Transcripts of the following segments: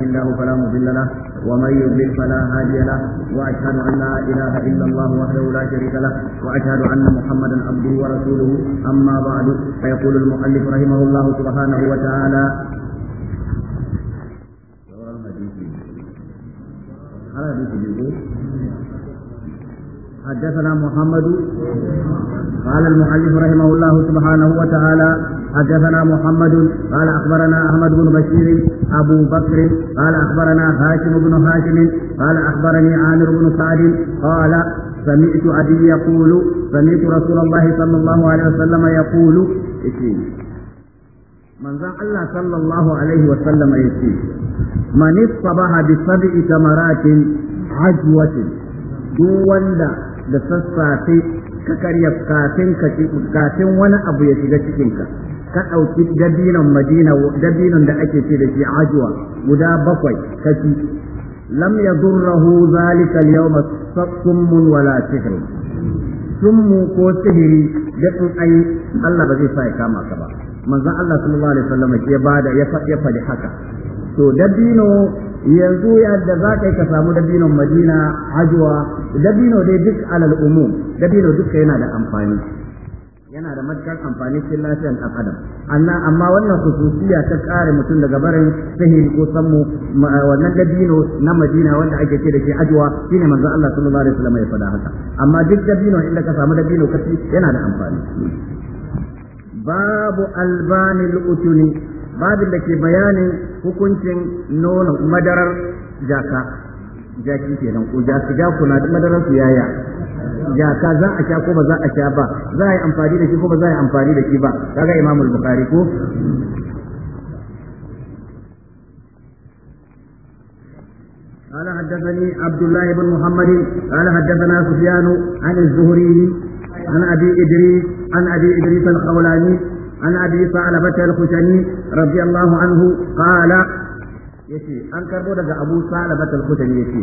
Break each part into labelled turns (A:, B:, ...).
A: الله فلا مضل له ومن يضلل فلا هادي له واشهد ان لا اله الا الله وحده لا شريك له واشهد ان محمدا عبده ورسوله اما بعد فيقول المؤلف رحمه الله سبحانه وتعالى حدثنا محمد قال المؤلف رحمه الله سبحانه وتعالى حدثنا محمد قال أخبرنا أحمد بن بشير أبو بكر قال أخبرنا هاشم بن هاشم قال أخبرني عامر بن سعد قال سمعت أبي يقول سمعت رسول الله صلى الله عليه وسلم يقول manzon Allah sallallahu alaihi wa sallam ya ce man istabaha bi sab'i tamaratin ajwatin duk wanda da sassafe ka karya kafin kafin wani abu ya shiga cikin ka ka ɗauki dabinon madina dabinon da ake ce da shi ajuwa guda bakwai kaci lam yadurruhu zalika al-yawma wala sihiri summu ko sihiri da in ai Allah ba zai sa ya kama ka ba manzon Allah sallallahu alaihi wasallam ya bada ya faɗi haka to dabino yanzu yadda za ka yi ka samu dabinon madina ajuwa dabino dai duk alal umum dabino duka yana da amfani yana da matukar amfani cikin lafiyar ɗan adam anna amma wannan khususiya ta kare mutum daga barin sahil ko sammu wannan dabino na Madina wanda ake ce da shi ajwa shine manzo Allah sallallahu alaihi wasallam ya faɗa haka amma duk dabino inda ka samu dabino kaci yana da amfani babu albanil utuni babin da ke bayanin hukuncin nono madarar jaka jaki kenan ko jaki jakuna da madarar su yaya jaka za a sha ko ba za a sha ba za a yi amfani da shi ko ba za a yi amfani da shi ba kaga Imam Bukhari ko قال حدثني عبد الله بن محمد قال حدثنا سفيان عن الزهري عن ابي ادريس عن ابي ادريس الخولاني عن ابي ثعلبه الخشني رضي الله عنه قال yace an karbo daga Abu Salaba al yace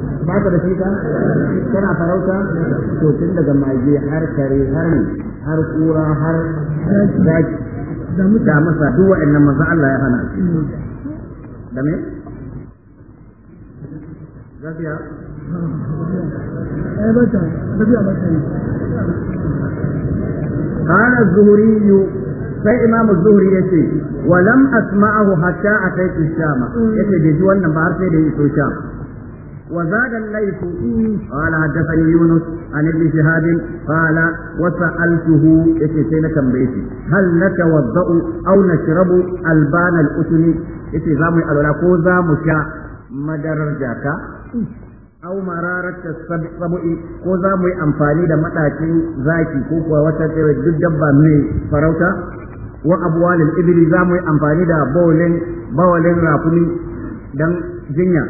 A: ba ka da shi ka kana farauta to tun daga mage har kare har ne har kura har daki da masa duk wa'annan maza Allah ya hana da me
B: gafiya ai eh,
A: bata gafiya bata قال الزهري في إمام الزهري ya ولم أسمعه حتى أتيت الشام ataitu shama yace bai ji وزاد الليث قال حدثني يونس عن ابن شهاب قال وسألته اتسين تنبيتي هل نتوضأ أو نشرب Auna الأسن اتي زامي الولاكو زام شاء مدرر جاكا aw mararat sab'i ko za mu yi amfani da matakin zaki ko kuwa wata duk dabba mai farauta wa abwalil ibli za mu yi amfani da bawalin bawalin rafuni dan jinya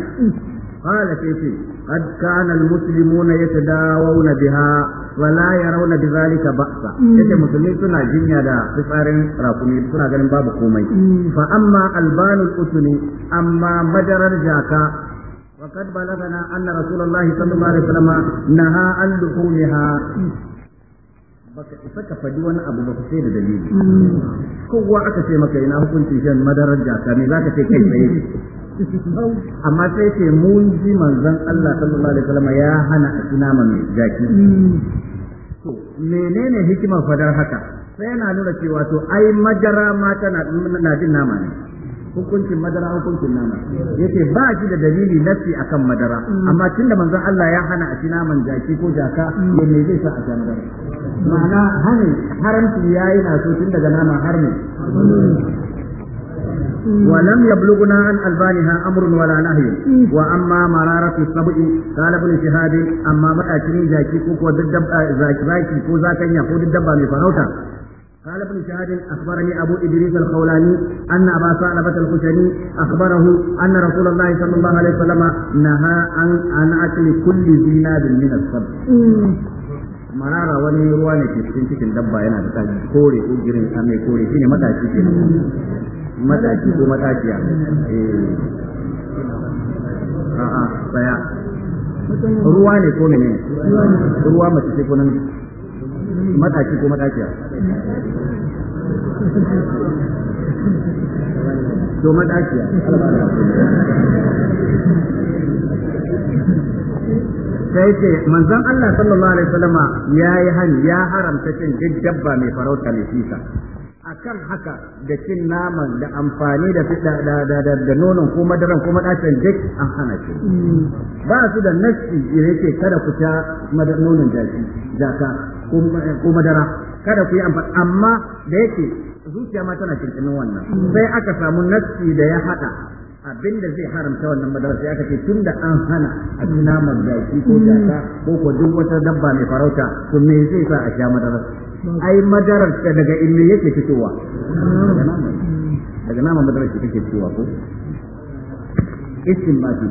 A: قال سيتي قد كان المسلمون يتداوون بها ولا يرون بذلك بأسا يتي مسلمين سنة جنيا دا فسار راكمي سنة غنم باب قومي فأما ألبان الأسن أما مجرى الجاكا وقد بلغنا أن رسول الله صلى الله عليه وسلم نهى عن دخولها baka isa ka faɗi wani abu ba sai da dalili kowa aka ce maka ina hukuncin shan madarar jaka me zaka ce kai tsaye amma sai ce mun ji manzon Allah sallallahu alaihi wasallam ya hana a tuna mai jaki to menene hikimar fadar haka sai yana nuna cewa to ai madara ma tana na jin nama ne hukuncin madara hukuncin nama yace ba shi da dalili nafi akan madara amma tunda manzon Allah ya hana a ci naman jaki ko jaka ya me zai sa a ci madara ma'ana hani haramci yayi na so tun daga nama har ne ولم يبلغنا عن ألبانها أمر ولا نهي وأما مرارة السبع قال ابن شهاب أما ko زاكي dabba eh, Zaki كو زاكي كو زاكي dabba mai farauta. قال ابن شهاد اخبرني ابو ادريس الخولاني ان ابا ثعلبه الخشني اخبره ان رسول الله صلى الله عليه وسلم نهى عن عن اكل كل ذي ناب من الصبر marara wani ruwa ne ke cikin cikin dabba yana da tsaki kore ko girin sa mai kore shine mataki ke mataki ko matakiya a'a tsaya ruwa ne ko ne ruwa mace ce ko namiji mataki ko matakiya to matakiya sai ce manzon Allah sallallahu alaihi wasallama ya yi hani ya haramta cin duk dabba mai farauta mai fisa
B: akan haka
A: da cin naman da amfani da da da da, da nonon ko madaran ko madacin duk an hana shi mm. ba su da nasti yake kada ku ta nonon jaki jaka ko madara kada ku yi amfani amma da yake zuciya ma tana cikin wannan mm. sai aka samu nassi da ya hada abin da zai haramta wannan madara sai aka ce tun da an hana a ci naman jaki ko mm. jaka ko ko duk wata dabba mai farauta to me zai sa a sha madara ai madarar ta daga inda yake fitowa daga naman madarar ta take fitowa ko Isin mm. ba ce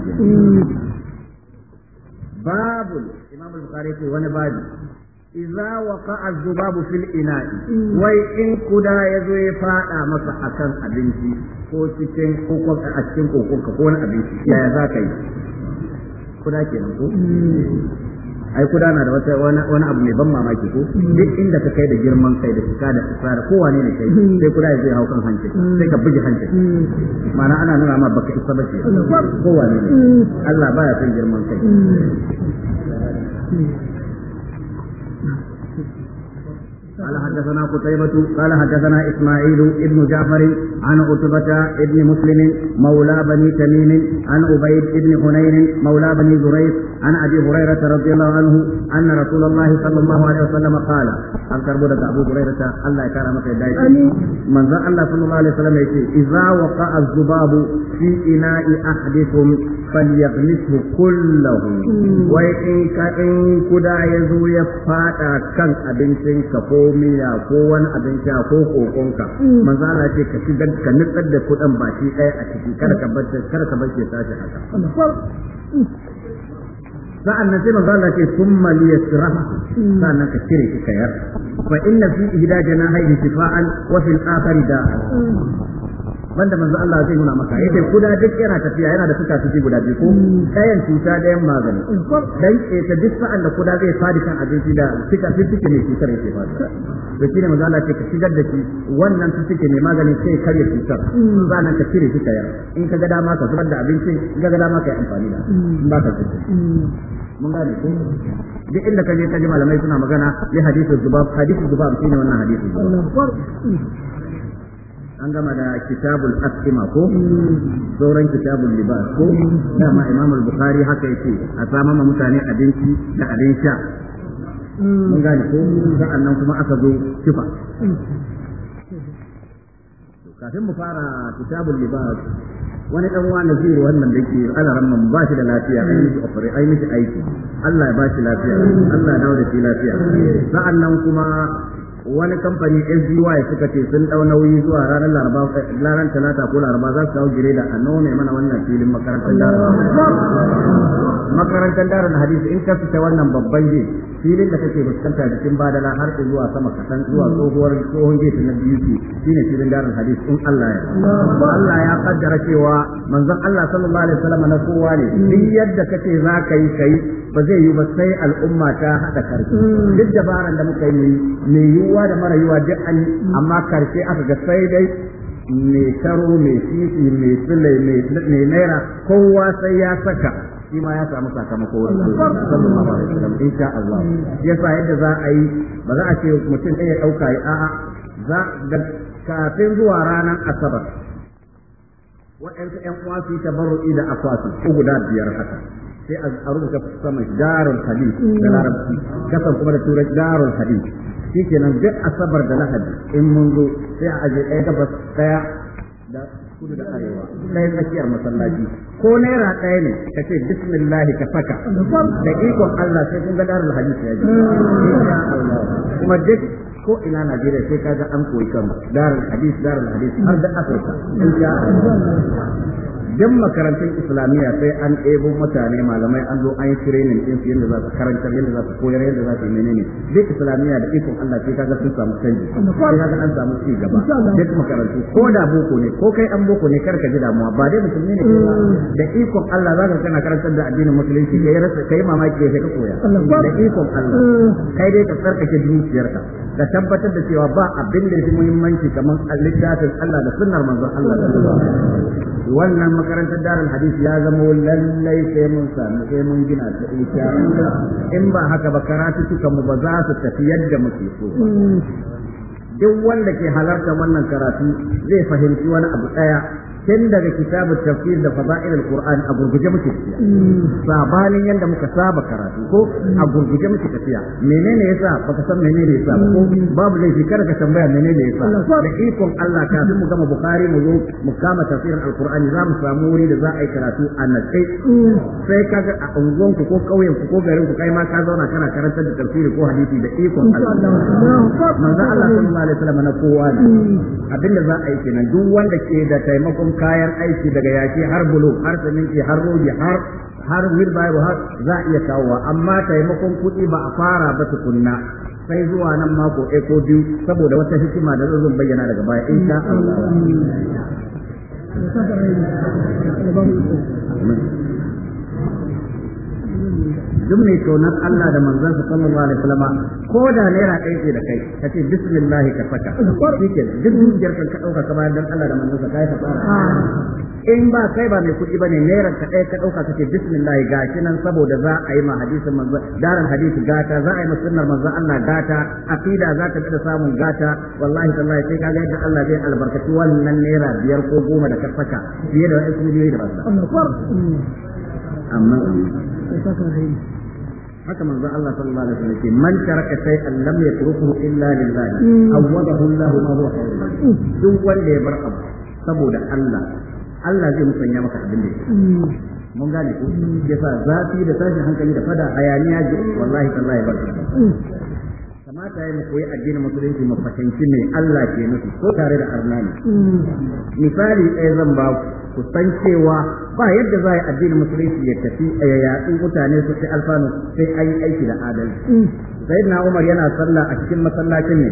A: babu imam al-bukhari ko wani babu iza waqa az-zubabu fil ina'i wai in kuda zo ya faɗa masa kan abinci ko cikin kokon a cikin kokon ko wani abinci yaya za ka yi kuda kenan ko ai kuda na da wata wani abu mai ban mamaki ko duk inda ka kai da girman kai da suka da fika da kowa ne kai sai kuda zai hau kan hanci sai ka buge hanci Mana ana nuna ma baka isa ba ce kowa ne Allah baya son girman kai قال حدثنا قتيبة قال حدثنا إسماعيل ابن جعفر عن عتبة ابن مسلم مولى بني تميم عن عبيد ابن حنين مولى بني زريق عن أبي هريرة رضي الله عنه أن رسول الله صلى الله عليه وسلم قال أن تربو أبو هريرة الله يكرمك يا من ذا الله صلى الله عليه وسلم يقول إذا وقع الذباب في إناء أحدكم فليغمسه كله وإن كإن كدا يزو يفاتا كان أبنشن كفوميا كوان أبنشا كوكو كونكا من ذالا شيء كشدد كنقد كدا باشي أي أشكي كدا كبدا كدا كبدا تاشي حتى sa'an nan sai manzo Allah ce summa li yasraha sa'an nan ka cire shi kayar fa inna fi ihda janahihi shifaan wa wanda manzo Allah zai nuna maka yace kuda duk yana tafiya yana da fuka fuki guda biyu ko dayan cuta dayan magani dan ta duk sa'an da kuda zai fadi kan abinci da fuka fuki ne cutar da, fadi to shine manzo Allah ce ka shigar da shi wannan fuki ne magani sai karya Ba nan ka cire shi kayar in ka ga dama ka zubar da abinci in ka ga dama ka yi amfani da ba ka zubar mun gane ko duk inda ka je ka ji malamai suna magana ya hadisi zubab hadisi zubab shine wannan hadisi an gama da kitabul asima ko sauran kitabul libas ko dama imam al-bukhari haka yake a samar ma mutane abinci da abin sha mun gane ko sa'an nan kuma aka zo kifa kafin mu fara kitabul libas wani dan wa nazir wannan da ke alaran mun ba shi da lafiya ai mishi ofare ai mishi aiki Allah ya ba shi lafiya Allah ya dawo da shi lafiya sa'annan kuma wani kamfani SDY suka ce sun dau nauyi zuwa ranar Laraba ranar Talata ko Laraba za su kawo gireda a mai mana wannan filin makarantar dara. Makarantar na Hadisi in ka fita wannan babban yi filin da kake fuskanta cikin badala har zuwa sama kasan zuwa tsohuwar tsohon gefe na biyu shine filin darul hadis in Allah ya Allah ya kaddara cewa manzon Allah sallallahu alaihi wasallam na kowa ne duk yadda kace za ka yi kai ba zai yi ba sai al'umma ta hada karfi duk dabaran da muka yi mai yiwuwa da mara yiwuwa duk an amma karshe aka ga sai dai mai karo mai sisi mai sulai mai naira kowa sai ya saka shi ma ya samu sakamako wanda Allah sallallahu alaihi wasallam insha Allah yasa yadda za a yi ba za a ce mutum ɗaya ya dauka a a'a za ga kafin zuwa ranar asabar waɗansu ƴan uwa su yi tabarru'i da akwati ko guda biyar haka sai a rubuta sama darul hadith da larabci kasan kuma da turai shi hadith nan duk asabar da lahadi in mun zo sai a ajiye ɗaya gabas ɗaya da kudu da arewa ɗaya tsakiyar masallaci ko naira ɗaya ne ka ce bismillahi ka saka da ikon Allah sai kun ga darul hadisi ya ji kuma duk ko ina Najeriya sai ga an koyi kan darul hadis darul hadis har da Afirka duk makarantun islamiyya sai an ɗebo mutane malamai an zo an yi training din su yadda za su karantar yadda za su koyar yadda za su yi menene duk islamiyya da ikon Allah sai kaga sun samu canji sai kaga an samu ci gaba duk makarantu ko da boko ne ko kai an boko ne kar ka ji damuwa ba dai musulmi ne mm. da ikon Allah za ka kana karantar da addinin musulunci kai rasa kai mamaki sai ka koya da ikon Allah mm. kai dai ka tsarkake dukiyarka ka tabbatar da cewa ba abin da ya fi muhimmanci kamar littafin Allah da sunnar manzon Allah wannan makarantar darul hadis ya zama lallai sai mun samu sai mun gina ta ita in ba haka ba karatu suka mu ba za su tafi yadda muke so mm. duk wanda ke halarta wannan karatu zai fahimci wani abu daya tun daga kitabu tafsir da fada'il al-Qur'an a gurguje muke tafiya sabanin yanda muka saba karatu ko a gurguje muke tafiya menene yasa baka san menene yasa ko babu laifi kada ka tambaya menene yasa da ikon Allah kafin mu gama Bukhari mu zo mu kama tafsirin al-Qur'ani za mu samu wuri da za a yi karatu a nasai sai kaga a unguwan ku ko kauyen ku ko garin ku kai ma ka zauna kana karantar da tafsiri ko hadisi da ikon Allah manzo Allah sallallahu alaihi wasallam na kowa ne mm. abinda za a yi kenan duk wanda ke da taimakon kayan aiki daga yaki har bulu har siminti har rogi har har wilbayo har za a iya kawowa amma taimakon kuɗi ba a fara ba tukunna sai zuwa nan mako eko biyu saboda wata hikima da zan bayyana daga baya in sha duk mai kaunar Allah da manzon sa sallallahu alaihi wasallam ko da naira ɗaya ce da kai ka ce bismillah ka faka shike duk dukiyar ka dauka ka bayar dan Allah da manzon sa kai ka fara in ba kai ba mai kuɗi bane naira ka ɗaya ka dauka ka ce bismillah gashi nan saboda za a yi ma hadisin manzon daran hadisi gata za a yi ma sunnar manzon Allah gata aqida za ta da samun gata wallahi tallahi sai kaga yadda Allah zai albarkaci wannan naira biyar ko goma da ka faka fiye da wani da
B: ba
A: amma haka manzo Allah sallallahu alaihi wasallam ke man taraka shay'an lam yatrukuhu illa lillahi hmm. awwadahu Allah ma huwa khairun hmm. duk wanda ya bar abu saboda Allah Allah zai musanya maka abin da hmm. mun gane ko yasa zafi da tashin hankali da fada hayaniya wallahi tallahi barka kamata ya koyi addinin musulunci mafakanci ne Allah ke nufi ko tare da arnani misali ɗaya zan ba ku san cewa ba yadda za a yi addinin musulunci ya tafi a yaɗu mutane su alfanu sai an yi aiki da adalci na Umar yana sallah a cikin masallacin ne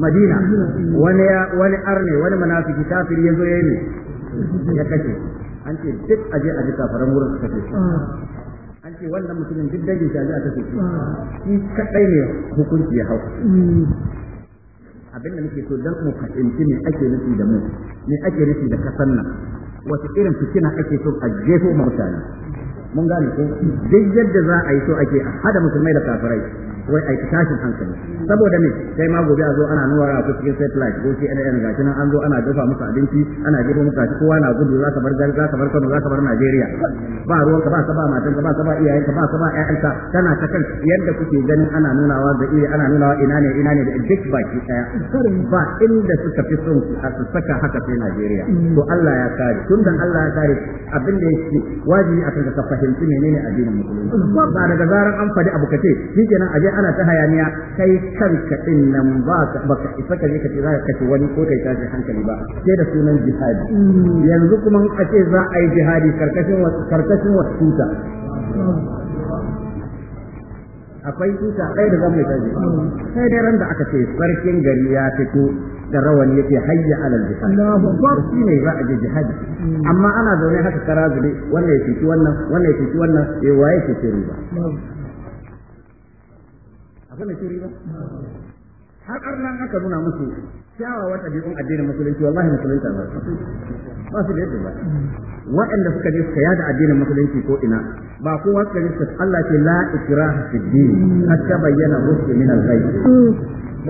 A: Madina wani wani arne wani munafiki kafiri yazo yayi ne ya kace an ce duk aje aje kafaran wurin su kace ce wannan mutumin duk dangin shaji a sauki shi kadai ne hukunci ya hau abin da muke so dan mu fahimci me ake nufi da mu me ake nufi da kasan nan wata irin fitina ake so a jefo mutane mun gane ko duk yadda za a yi so ake hada musulmai da kafirai wai aiki tashin hankali saboda me sai ma gobe a zo ana nuna a cikin satellite ko ga shi nan an zo ana dafa musu abinci ana jefa musu abinci kowa na gudu za ka bar gari za ka bar Kano za ka bar Najeriya ba ruwan ka ba ka ba matan ka ba ka ba iyayen ka ba ka ba ƴaƴanka kana ta kan yadda kuke ganin ana wa da iya ana wa ina ne ina ne da duk baki ɗaya ba inda suka fi son su saka haka sai Najeriya to Allah ya kare tun da Allah ya kare abin da yake wajibi a kan ka fahimci menene addinin musulunci ba daga zaran an faɗi abu kace shikenan aje ana ta hayaniya kai kanka din nan ba ka ba ka isa ka je ka ce za ka kashe wani ko kai tashi hankali ba sai da sunan jihadi mm. yanzu kuma a ce za a yi jihadi karkashin wasu karkashin wasu tuta akwai tuta ɗaya da zan mai tashi mm. sai dai ran da aka ce sarkin gari ya fito da rawani yake hayya alal jihad shi ne za a je jihadi mm. amma ana zaune haka kara zube wannan ya fici wannan wannan ya fici wannan ya eh, waye ke riba akwai shiri ba har arnan aka nuna musu kyawawan ɗabi'un addinin musulunci wallahi musulunta ba ba su da yadda ba waɗanda suka je suka yada addinin musulunci ko ina ba kowa suka je suka Allah ce la ikraha fid din a bayyana yana min al-ghayb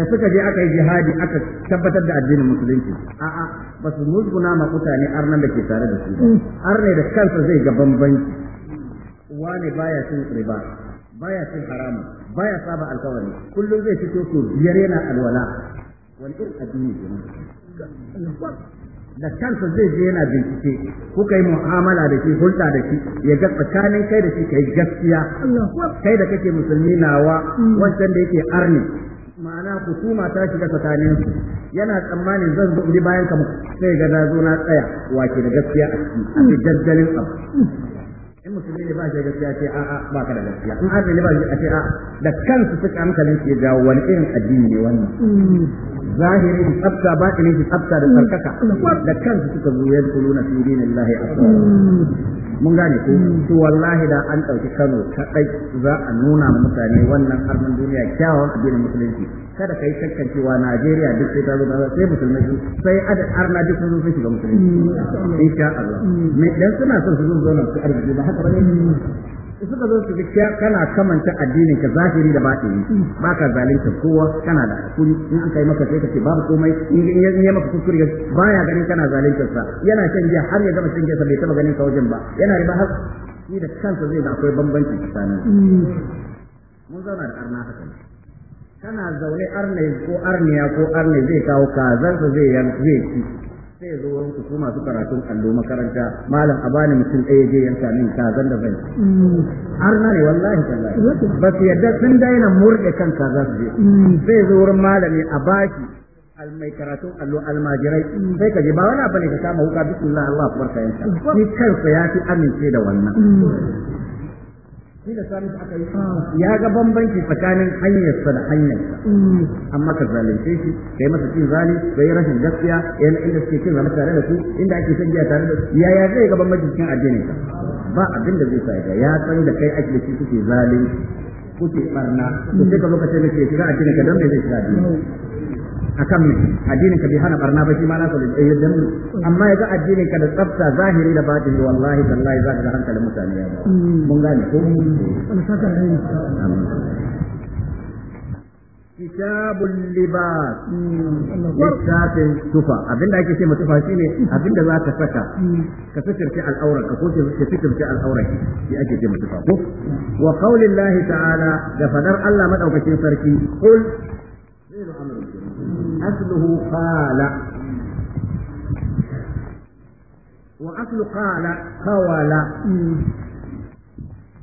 A: da suka je aka yi jihadi aka tabbatar da addinin musulunci a'a ba su musguna ma mutane arnan da ke tare da su arne da kansa zai ga bambanci wane baya cin riba baya cin haramun baya saba alkawari kullum zai fito so biyar yana alwala wani irin addini ne da kansa zai je yana bincike ko kai mu'amala da shi hulɗa da shi ya ga tsakanin kai da shi kai gaskiya kai da kake musulmi nawa wancan da yake arni ma'ana hukuma ta shiga tsakanin su yana tsammanin zan zo bayan ka sai ga na zo na tsaya wake da gaskiya a cikin jaddalin abu in musulmi ne ba shi gaskiya ce a'a ba ka da gaskiya in arni ne ba shi ce a'a da kansu suka hankalin ke jawo wani irin addini ne wannan zahiri da tsafta ba ne da tsafta da tsarkaka da kansu suka zo yadda kuluna fi dinillahi asma mun gane ko to wallahi da an ɗauki Kano kaɗai za a nuna mutane wannan harman duniya kyawawan addinin musulunci kada yi shakkan cewa Najeriya duk sai ta zo sai musulmai sai adad arna duk sun zo sai shiga musulmai insha Allah me dan suna son su zo zo su arziki ba haka bane suka zo su ga kana kamanta addinin ka zahiri da batini ba ka zalunta kowa kana da kuri in an kai maka sai ka ce babu komai in ya maka kuskure baya ganin kana zalunta sa yana shan giya har ya gama shan giya bai taba ganin ka wajen ba yana riba har shi da kansa zai da akwai bambanci tsakanin mm.
B: mun zauna da arna haka ne
A: kana zaune arnai ko arniya ko arnai zai kawo kazansa zai zai ci sai zo wurin ku masu karatun allo makaranta malam a bani mutum ɗaya je yanka min kazan da zai. Mm. arna ne wallahi wallahi ba su yadda sun daina murɗe kan kaza su je mm. sai zo wurin malami a baki almai karatun allo almajirai mm. sai ka je ba wani abu ne ka kama wuka bismillah Allah kuma ka yanka ni kansa ya fi amince da wannan
B: tilasta musu aka yi ya
A: ga bambanci tsakanin hanyarsa da hanyarsa amma ka zalunce shi kai masa cin zali kai rashin gaskiya yana inda suke cin zama tare da su inda ake son tare da su yaya zai ga bambanci cikin addinin ka ba abin da zai sa ya san da kai ake shi kuke zalunci kuke barna kuke ka zo ka ce ne ke shiga addinin ka don me zai shiga addinin akan me addinin ka bai hana barna ba shi ma nasa eh, da yadda amma yaga addinin ka da tsafta zahiri da batini wallahi tallahi za ka ga hankalin mutane ya ba mm. mun gane ko kitabul libas mm. littafin tufa abinda ake ce tufa shine abinda za ka saka mm. ka sitirce al'aurar ka ko ka sitirce al'aurar shi ake ce tufa ko wa qaulillahi ta'ala da fadar Allah madaukakin sarki أصله قال وأصل قال قول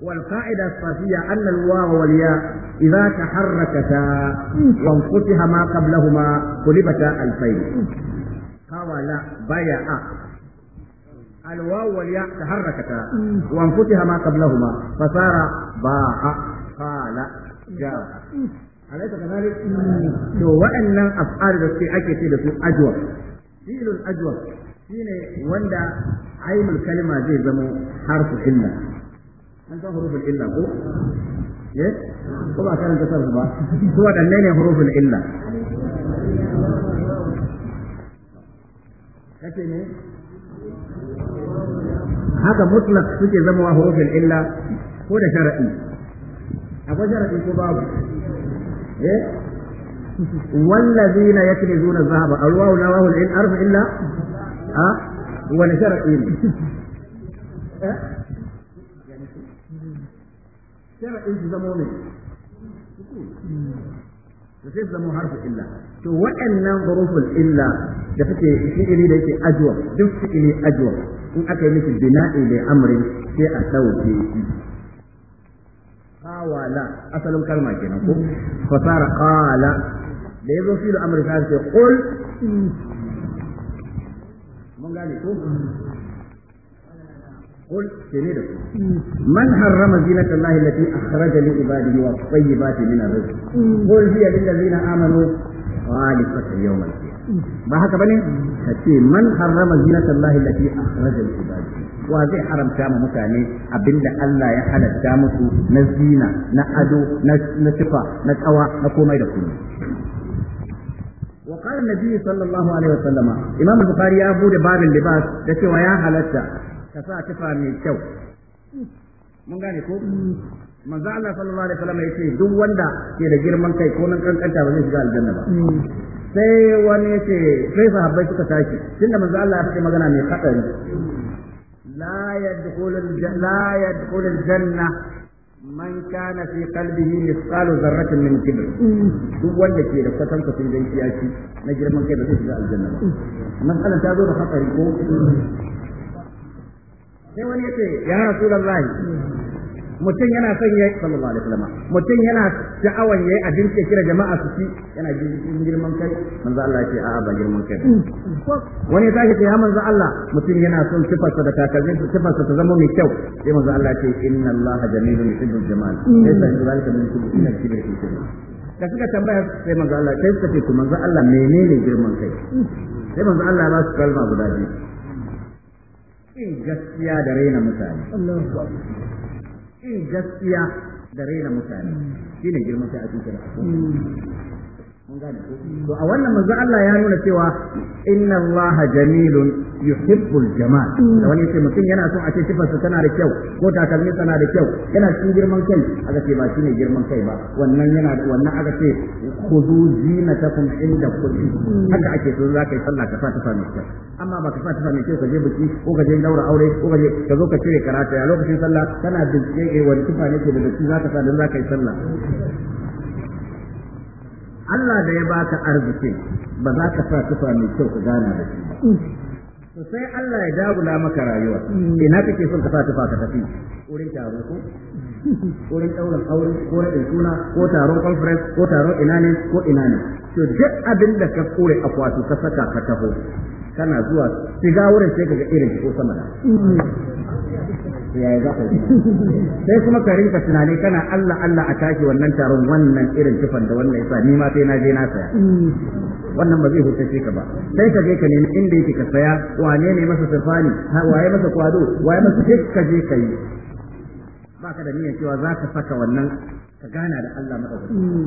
A: والقاعدة الصافية أن الواو والياء إذا تحركتا وانفتح ما قبلهما قلبتا الفيل قول بيع الواو والياء تحركتا وانفتح ما قبلهما فصار باع قال جاء alaika kadhalik to wa'annan af'al da suke ake ce da su ajwa filul ajwa shine wanda ainul kalima zai zama harfu illa an san hurufin illa ko eh ko ba karanta sarfu ba ko wadanne ne hurufin illa kace ne haka mutlaq suke zama hurufin illa ko da shar'i akwai shar'i ko babu والذين يكنزون الذهب الواو لا واو العين أرف إلا ها ونشر shara'in su zama mai da sai su zama harfi illa to waɗannan huruful illa da take fi'ili da yake ajwa duk fi'ili ajwa in aka yi miki bina'i da amrin sai a sauke shi qala asalin kalma kenan ko fasara qala da yazo fi al-amri ta sai qul mun gane ko قل سنيرك من حرم زينة الله التي أخرج لعباده والطيبات من الرزق قل هي للذين آمنوا خالصة يوم القيامة ba haka bane ka ce man harama zinata Allah allati akhraja lil ibad wa zai haramta ma mutane abinda Allah ya halatta musu na zina na ado na sifa na tsawa na komai da komai وقال النبي sallallahu alaihi wa sallama امام Bukhari ya bude babin Libas da cewa ya halatta ka sa tufa mai kyau mun gane ko manzo Allah sallallahu alaihi wa wasallam yace duk wanda ke da girman kai ko nan kankanta ba zai shiga aljanna ba hmm. sai wani ce sai sahabbai suka tashi tunda manzo Allah ya faɗi magana mai hadari la yadkhulul la yadkhulul janna man kana fi qalbihi misqalu dharratin min kibr duk wanda ke da kwatan kwatan danki yaki na girman kai da zai shiga aljanna ba masalan ta zo da hadari ko sai wani ce ya rasulullahi mutum yana son yayi sallallahu alaihi wasallam mutum yana sha'awan yayi abinci kira jama'a su ci yana jin girman kai manzo Allah ya ce a'a ba girman kai wani zai ce ya manzo Allah mutum yana son sifarsa da takalmin sifarsa ta zama mai kyau sai manzo Allah ya ce inna Allah jamilun yuhibbul jamal laysa zalika min kulli inna kibri fi da suka tambaya sai manzo Allah sai suka ce ku manzo Allah menene girman kai sai manzo Allah ya ba su kalma guda biyu in gaskiya da raina mutane kin gaskiya da raina mutane shine ne kai a cikin to a wannan manzo Allah ya nuna cewa inna Allah jamilun yuhibbul jamal da wani ce mutum yana son a ce sa tana da kyau ko takalmi tana da kyau yana cikin girman kai aka ce ba shine girman kai ba wannan yana wannan aka ce khudu zinatakum inda kulli haka ake so zaka yi sallah ka sa ta mai kyau amma ba ka sa ta mai kyau ka je biki ko ka je daura aure ko ka je ka zo ka cire karata a lokacin sallah kana bincike eh, eh, wani tufa ne ke da zaka sa dan zaka yi sallah Allah da ya baka arziki, ba za ka sa tufa mai kyau ka gana da shi ba sai Allah ya dagula maka rayuwa ina kake son ka sa tufa ka tafi wurin taro ko wurin ɗaurin aure ko da suna ko taron conference ko taron ina ne ko ina ne to duk abin da ka kore akwatu ka saka ka taho kana zuwa shiga wurin sai ka ga irin ko sama da yaya za sai kuma ka rinka tunani kana Allah Allah a tashi wannan taron wannan irin tufan da wannan yasa ni ma sai na je na saya wannan ba zai hukunce ka ba sai ka je ka nemi inda yake ka saya wane ne masa sirfani waye masa kwado waye masa duk ka je ka yi ba ka da niyyar cewa za ka saka wannan ka gana da Allah madaukaki hmm.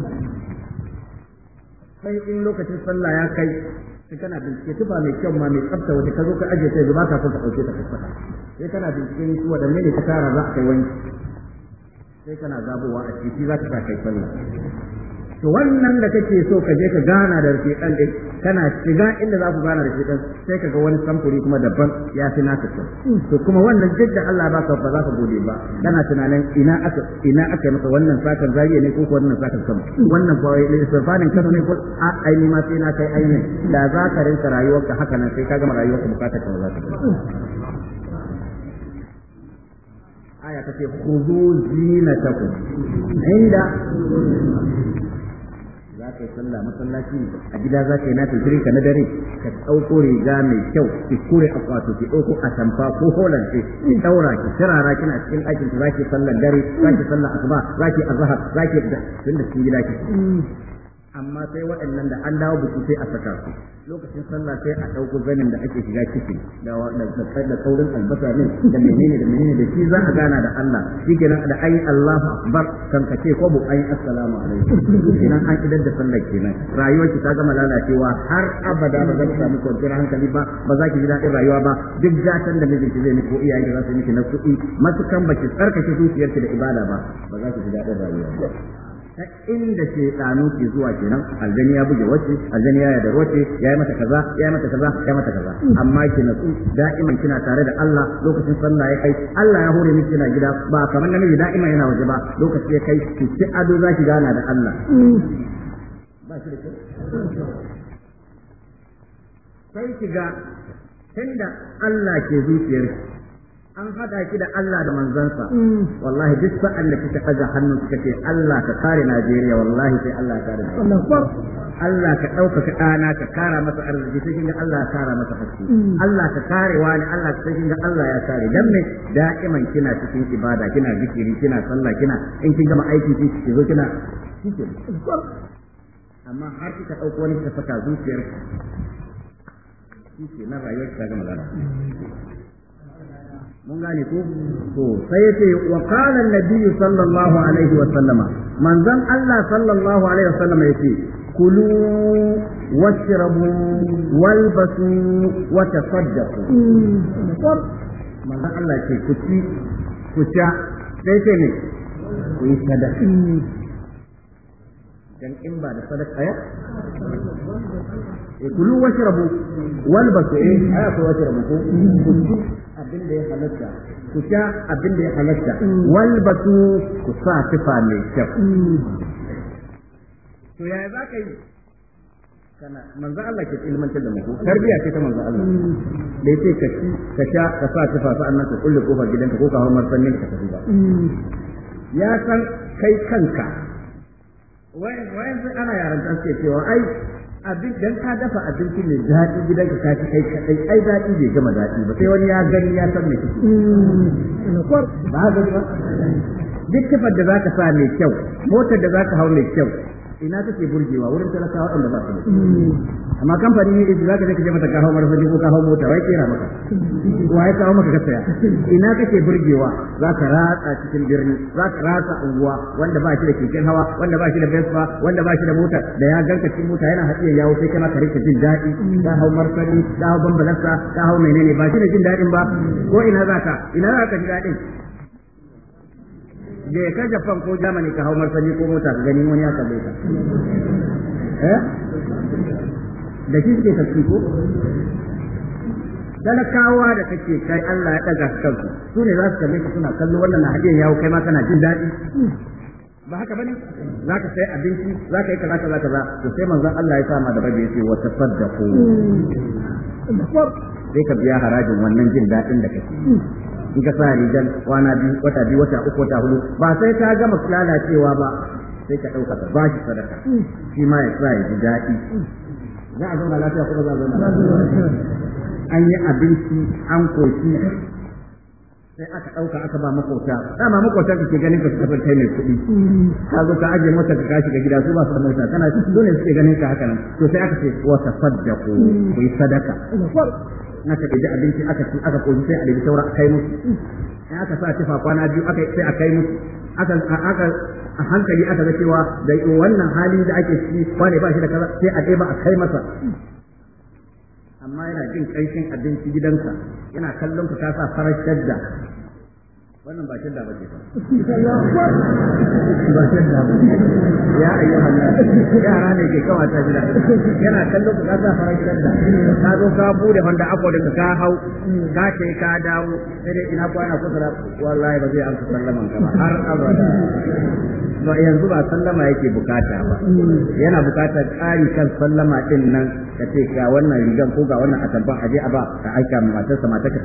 A: sai in lokacin sallah ya kai sai kana bincike tufa mai kyau ma mai tsafta wata ka zo ka ajiye ta ba ka son ka ɗauke ta kaskata sai kana bincike su waɗanne ne ta tara za a kai wanki sai kana zabowa a ciki za ka sa kai sallah to wannan da kake so ka je ka gana da ɗan ɗin, kana shiga inda za ku gana da shedan sai ka ga wani samfuri kuma daban ya fi naka kyau to kuma wannan duk da Allah ka ba za ka gode ba kana tunanin ina aka ina aka masa wannan sakan zariya ne ko wannan sakan sama wannan ba safanin kano ne ko a ai ni ma sai na kai ai ne da za ka rinka rayuwarka haka nan sai ka gama rayuwarka bukatar ka za ka aya ta ce khudu zinatakum inda kai sallah masallaci a gida za ka yi nata tafirin ka na dare ka ɗauko riga mai kyau ki kure kwato ki ɗauko tamfa ko holan ce ki ɗaura ki kina cikin ɗakin ki za ki sallar dare za ki sallar asuba za ki azhar za ki da tun cikin gida ki amma sai waɗannan da an dawo biki sai a saka su lokacin sallah sai a ɗauko zanin da ake shiga ciki da da albasa ne da menene da menene da shi za a gana da Allah shi kenan da ayi Allahu akbar kan ka ce ko bu ayi assalamu alaikum nan an idan da sallah kenan rayuwar ki ta gama lalacewa har abada ba za ki samu kwanciyar hankali ba ba za ki ji daɗin rayuwa ba duk gatan da ki zai miki ko iyaye ki za su miki na kuɗi matukan ba ki tsarkake zuciyarki da ibada ba ba za ki ji daɗin rayuwa ba ta inda ke tsano ke zuwa kenan aljani ya buge wace aljani ya yada wace ya yi mata kaza ya yi mata kaza ya mata kaza amma ki natsu da'iman kina tare da Allah lokacin sallah ya kai Allah ya hore miki kina gida ba kamar namiji da'iman yana waje ba lokacin ya kai ki ci ado za ki gana da Allah
B: ba shi da sai ki ga
A: tunda Allah ke zuciyarki an haɗa ki da Allah da manzansa mm. wallahi duk sa'an da kika ɗaga hannu kika ce Allah ka kare Najeriya wallahi sai Allah ya kare Allah ka ɗaukaka ɗana ka kara masa arziki sai kinga Allah ya kara masa haske mm. Allah ka kare wani Allah sai kinga Allah ya kare dan me da'iman kina cikin ibada kina zikiri kina sallah kina in kin gama aiki ki zo kina amma har kika ɗauko wani ka saka zuciyarki shi ke na rayuwar ta gama lalata mm. mun gane ko to sai yace wa qala an-nabiy sallallahu alaihi wa sallama manzon Allah sallallahu alaihi wa sallama yace kulu washrabu walbasu wa tasaddaqu manzon Allah ce ku ci ku sha sai ce ne ku yi sadaka dan in ba da sadaqa ya eh, kulu washrabu walbasu eh aya washrabu ku abin da ya halatta ku sha abin da ya halatta walbatu ku sa tufa mai kyau to yaya za ka yi kana manzo Allah ke ilmantar da mu tarbiya ce ta manzo Allah da yace ka ci ka sha ka sa tufa sa'annan ka kulle kofar gidanka ko ka hawo marsanin ka tafi ba ya san kai kanka wai wai ana yaran ta ce cewa ai abin dan ka dafa abinci mai daɗi gidanka ka ci kai kaɗai, ai daɗi bai gama daɗi ba sai wani ya gani ya san me kiki. ba ga ba duk tafar da zaka sa mai kyau motar da za ka hau mai kyau ina kake burgewa wurin talakawa waɗanda ba su da amma kamfani ne idan zaka je ka je mata kawo marfani ko kawo mota wai kera maka wa ya kawo maka kasaya ina kake burgewa zaka ratsa cikin birni zaka ratsa unguwa wanda ba shi da keken hawa wanda ba shi da vespa wanda ba shi da mota da ya ganka cikin mota yana hadiya yawo sai kana ma ka jin daɗi ka hau marfani ka hau bambalasta ka hau menene ba shi da jin daɗin ba ko ina ka? ina zaka ji daɗin da ya kai Japan ko Germany ka hau martani ko mota ka gani wani ya kalle ka eh da shi suke tafi ko talakawa da kake kai Allah ya daga su ne za su kalle suna kallo wannan na hadiyan yawo kai ma kana jin daɗi ba haka bane za ka sai abinci za ka yi kaza kaza kaza to sai manzon Allah ya sama da rabi yace wa ko hmm. sai ka biya harajin wannan jin daɗin da kake in ka sa rigan kwana biyu wata biyu wata uku wata hudu ba sai ka gama lalacewa ba sai ka ɗauka ka ba shi sadaka shi ma ya sa ya ji daɗi za a zauna lafiya kuma za a zauna an yi abinci an koshi sai aka ɗauka aka ba makota dama makota ke ganin ka su kafin kai mai kuɗi ka zo ka ajiye mota ka kashi ga gida su ba su da mota kana dole suke ganin ka haka nan to sai aka ce wa tafaddaku ku yi sadaka aka bi abinci aka ci aka koyi sai a bi saura a kai musu in aka sa tafa kwana biyu aka sai a kai musu aka aka a hankali aka ga cewa da wannan halin da ake ciki wane ba shi da kaza sai a ɗeba a kai masa amma yana jin ƙarshen abinci gidansa yana kallon ka sa farar shadda wannan ba ba ba ya ayyuhan yara ne ke kawa ta gida yana kallon kasa ka hau ka ka dawo sai ina kwana wallahi har abada ba ba sallama yake bukata ba yana bukatar ƙari kan sallama din nan ka ce ga wannan a ba ka aika matarsa matarka a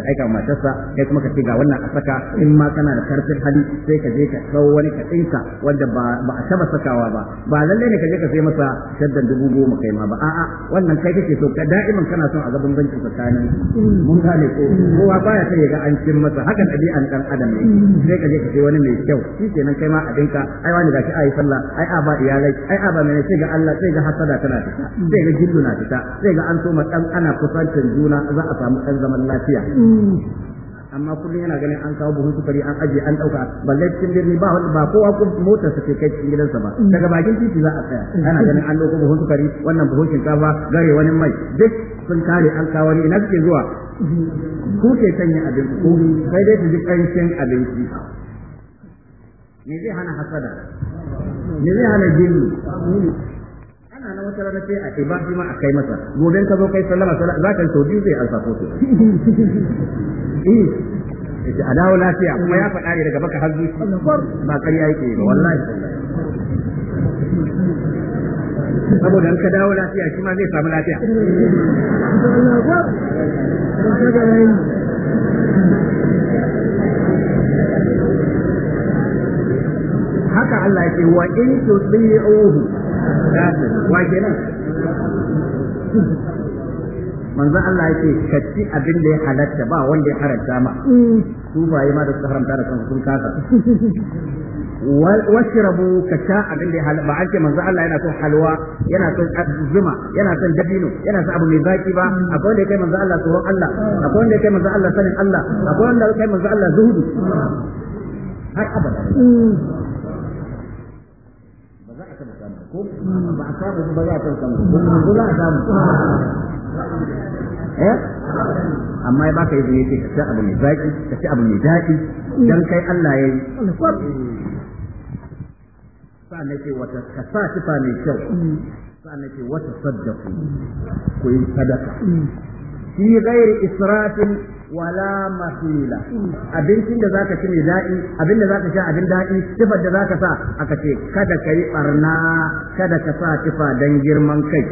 A: saka in ma kana da karfin hali sai ka je ka kawo wani ka wanda ba a taba sakawa ba ba lallai ne ka je ka sai masa shaddan dubu goma kai ma ba a'a wannan kai kake so ka da'iman kana son a ga bambanci tsakanin mun gane ko kowa baya sai ya ga an cin masa haka ɗabi'an dan adam ne sai ka je ka sai wani mai kyau shi kenan kai ma a dinka ai wani gashi ai sallah ai a ba iyalai ai a ba mai sai ga Allah sai ga hasada tana fita sai ga gillu na fita sai ga an so ma dan ana kusancin juna za a samu ɗan zaman lafiya amma kullum yana ganin an kawo buhun sukari an ajiye an dauka balle cikin birni ba ba kowa ko motar sa ke kai cikin gidansa ba mm. daga bakin titi za a tsaya ana ganin an dauko buhun sukari wannan buhun shinkafa gare wani mai duk sun kare an kawo ni ina suke zuwa ku ke sanya abin ko mm. sai dai ku ji kanshin abinci me zai hana hasada me zai hana jini ana wata rana sai a ibar shi ma a kai masa gobe ka zo kai sallama sallama za ka yi sau zai alfa ko to eh, yace a dawo lafiya kuma ya faɗa ne daga baka har zuci ba ƙarya yake ba wallahi saboda an ka dawo lafiya shi ma zai samu lafiya haka Allah yake wa in tusi'uhu wa kenan manzo Allah yake kaci abin da ya halatta ba wanda ya haramta ma su yi ma da su haramta da kan sun kasa rabu ka sha abin da ya halatta ba an ce manzan Allah yana son halwa yana son zuma yana son dabino yana son abu mai zaki ba akwai wanda ya kai manzo Allah tsoron Allah akwai wanda ya kai manzo Allah sanin Allah akwai wanda ya kai manzo Allah zuhudu har abada ba a samu ba za a kan samu ko za a samu eh amma ya baka izini ce ka ci abu mai zaki ka ci abu mai daɗi dan kai Allah ya yi sa'an ce wata ka sa sifa mai kyau sa'an ce wata saddaku ku yi sadaka fi ghairi israfin wala mahila abincin da zaka ci mai daɗi abin da zaka sha abin daɗi sifar da zaka sa aka ce kada ka yi barna kada ka sa tifa dan girman kai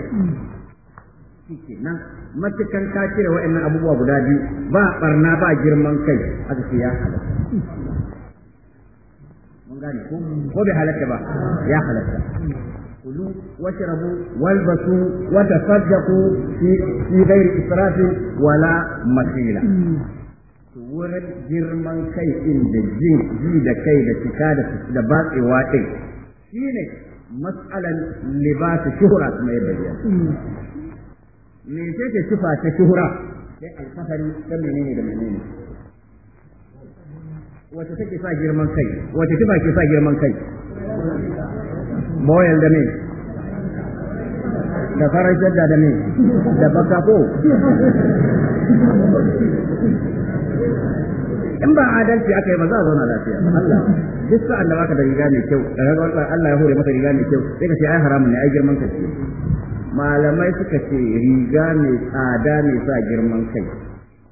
A: matukan ka cire wa'annan abubuwa guda biyu ba barna ba girman kai aka ce ya halatta mun gane ko bai halatta ba ya halatta كلوا واشربوا والبسوا وتصدقوا في في غير إسراف ولا مخيلة wurin girman kai ɗin da jin ji da kai da cika da da batsewa ɗin shine mas'alan libasa shuhura kuma yadda ya me ce ke sifa ta shuhura sai alfahari ta menene da menene wata take sa girman kai wata kifa ke sa girman kai boyal da ne da farar shadda da ne da baka ko in ba adalci aka yi ba za a zauna lafiya Allah duk sa Allah baka da riga mai kyau da ga wannan Allah ya hore maka riga mai kyau sai ka ce ai haramun ne ai girman kai malamai suka ce riga mai tsada ne sa girman kai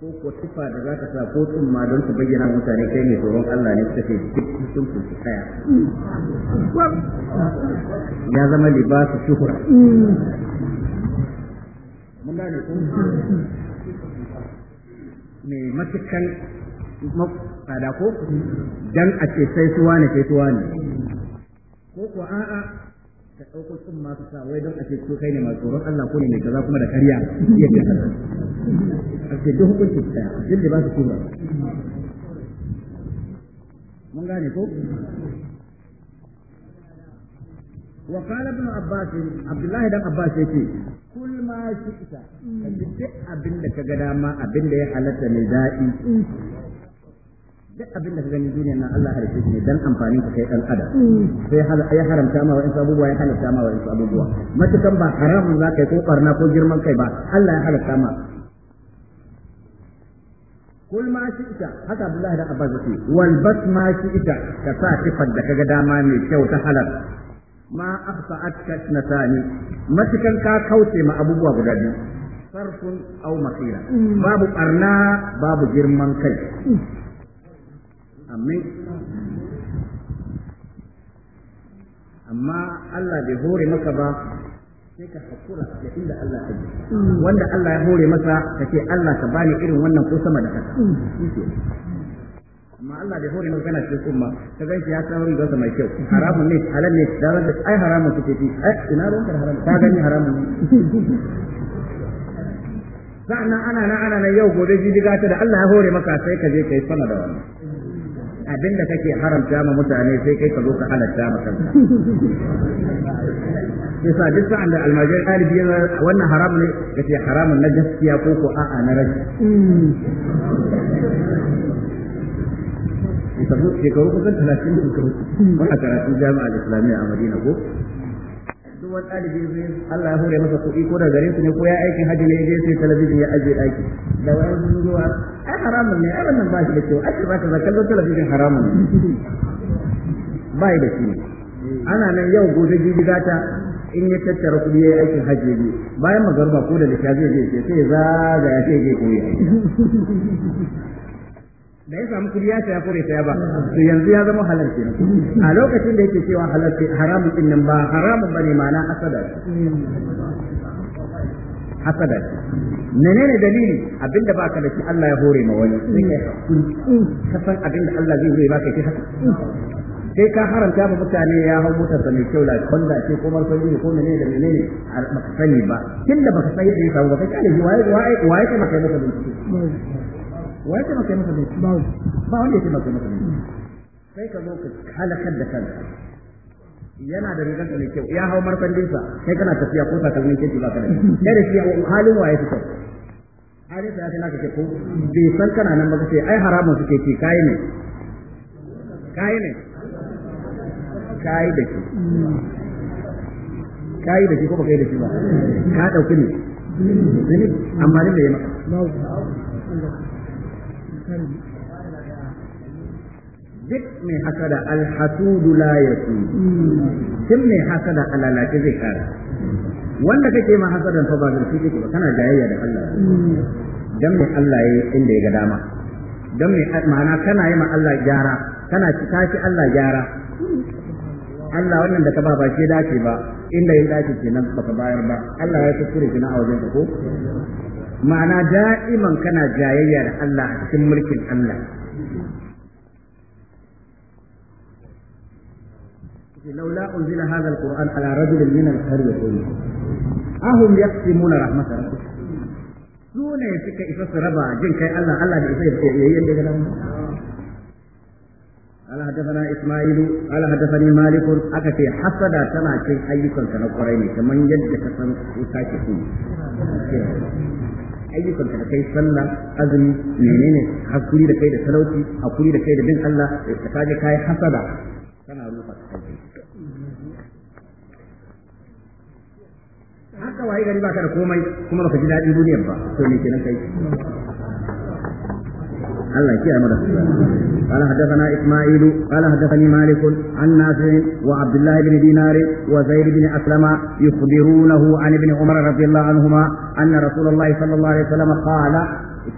A: ko ko tufa da za ka sa ko tsumma don su bayyana mutane kai ne tsoron Allah ne suka ce duk sun ku kaya. ya zama su shuhura mun gane ko me matukan tsada ko dan a ce sai suwa ne sai suwa ne ko ko a'a ka ɗauko sun masu sa wai don a ce ko kai ne masu tsoron Allah ko ne mai kaza kuma da karya iya a ce duk hukuncin ɗaya duk ba su tura mun gane ko وقال ابن عباس عبد الله بن عباس يقول كل ما شئت duk abin da ka ga dama abin da ya halatta mai daɗi duk abin da ka gani duniyar na, Allah harshe ne dan amfanin ka kai dan adam sai ya haramta ma wa'in abubuwa ya halatta ma wa'in abubuwa matukan ba haramun za ka ko barna ko girman kai ba Allah ya halatta ma kul ma shi ita haka Abdullahi da Abbas yake wal bas ma shi ita ka sa tifar da kaga dama mai kyau ta halal ma na kasnatani Matikan ka kauce ma abubuwa guda biyu sarfun aw makira babu barna babu girman kai amin amma Allah bai hore maka ba sai ka hakura da inda Allah ya yi wanda Allah ya hore masa ka ce Allah ka bani irin wannan ko sama da kasa amma Allah bai hore maka kana cikin kuma ka ganci ya san rigar sa mai kyau haramun ne halal ne da ranar ai haramun kike fi ai ina ran ka haramun ka gani haramun sa'annan ana na ana na yau gobe diga ta da Allah ya hore maka sai ka je kai sama da wannan abin da kake haramta ma mutane sai kai ka zo ka halatta ma kanka yasa duk sa'an da ɗalibi yana wannan haram ne kace haramun na gaskiya ko ko a'a na rashi shekaru kusan talatin da islamiyya a madina ko wani ɗalibi zai Allah ya hore masa kuɗi ko da gare su ne ko ya aikin haji ne je sai talabijin ya ajiye ɗaki da wayan sun zuwa ai haramun ne ai wannan ba shi da kyau ake baka za kallon talabijin haramun ne ba da shi ne ana nan yau gobe jibi gata in ya tattara kuɗi ya yi aikin haji ne bayan magarba ko da lishafi zai je sai ya zaga ya ce je koyi da ya samu kudi ya saya ko bai saya ba to yanzu ya zama halal kenan a lokacin da yake cewa halal haramun din nan ba haramun ne ma'ana asada hasada menene dalili abinda baka da shi Allah ya hore ma wani ka san abinda Allah zai zai baka ki haka sai ka haramta ba mutane ya hau motarsa mai kyau la Honda ce ko Mercedes ko menene da menene a sani ba tunda ka sani da samu ba kai waye waye waye kuma kai maka bincike wai ta maka masa ba ba wanda ya taimaka masa mm. sai ka zo ka halakar da kanka yana da rigar da kyau ya hau marfan sa sai kana tafiya ko takalmin kyau ba ka da kai da shi halin waye su kyau halin sa ya kana kake ko bai san kana nan ba ce ai haramun suke ci kai ne kai ne kai da shi mm. kai da shi ko ba kai da shi ba ka dauki ne mm. amma ne yi maka.
B: duk
A: mai hasada alhasudu la su kin mai da alalaki zai kara wanda kake ma haka da ba zai kike ba kana jayayya da Allah dan mai Allah yayi inda ya ga dama dan mai ma'ana kana yi ma Allah gyara kana ci shi Allah gyara Allah wannan da ka ba ba shi dace ba inda ya dace kenan baka bayar ba Allah ya kuskure kina a wajen ka ko ma'ana da'iman kana jayayya da Allah a cikin mulkin Allah لولا أنزل هذا القرآن على رجل من القريتين أهم يقسمون رحمة ربك سونا يفك إفس ربا جن كي الله الله بإفس يين قال حدثنا إسماعيل قال tana مالك ayyukan حسد سنة شيء أيكم yadda ka كمن يجد كسن وساكي ayyukan ka da kai sallah azumi menene hakuri da kai da talauci hakuri da kai da bin Allah da ka je kai hasada
B: kana rufa kai
A: haka waye gari baka da komai kuma baka ji daɗin duniyar ba to me kenan kai الله يكيه مدى قال حدثنا إسماعيل قال حدثني مالك عن نافع وعبد الله بن دينار وزيد بن أسلم يخبرونه عن ابن عمر رضي الله عنهما أن رسول الله صلى الله عليه وسلم قال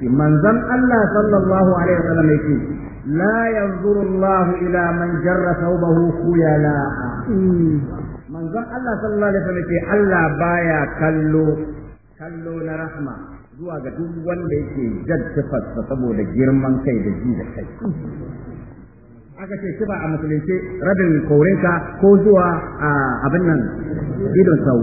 A: منزل الله صلى الله عليه وسلم يقول لا ينظر الله إلى من جر ثوبه خيلاء manzon Allah sallallahu alaihi wasallam ce Allah baya kallo kallo na rahma zuwa ga duk wanda yake fasa saboda girman kai da ji da kai aka ce shi ba a musulunci rabin korinka ko zuwa a abin nan idon sau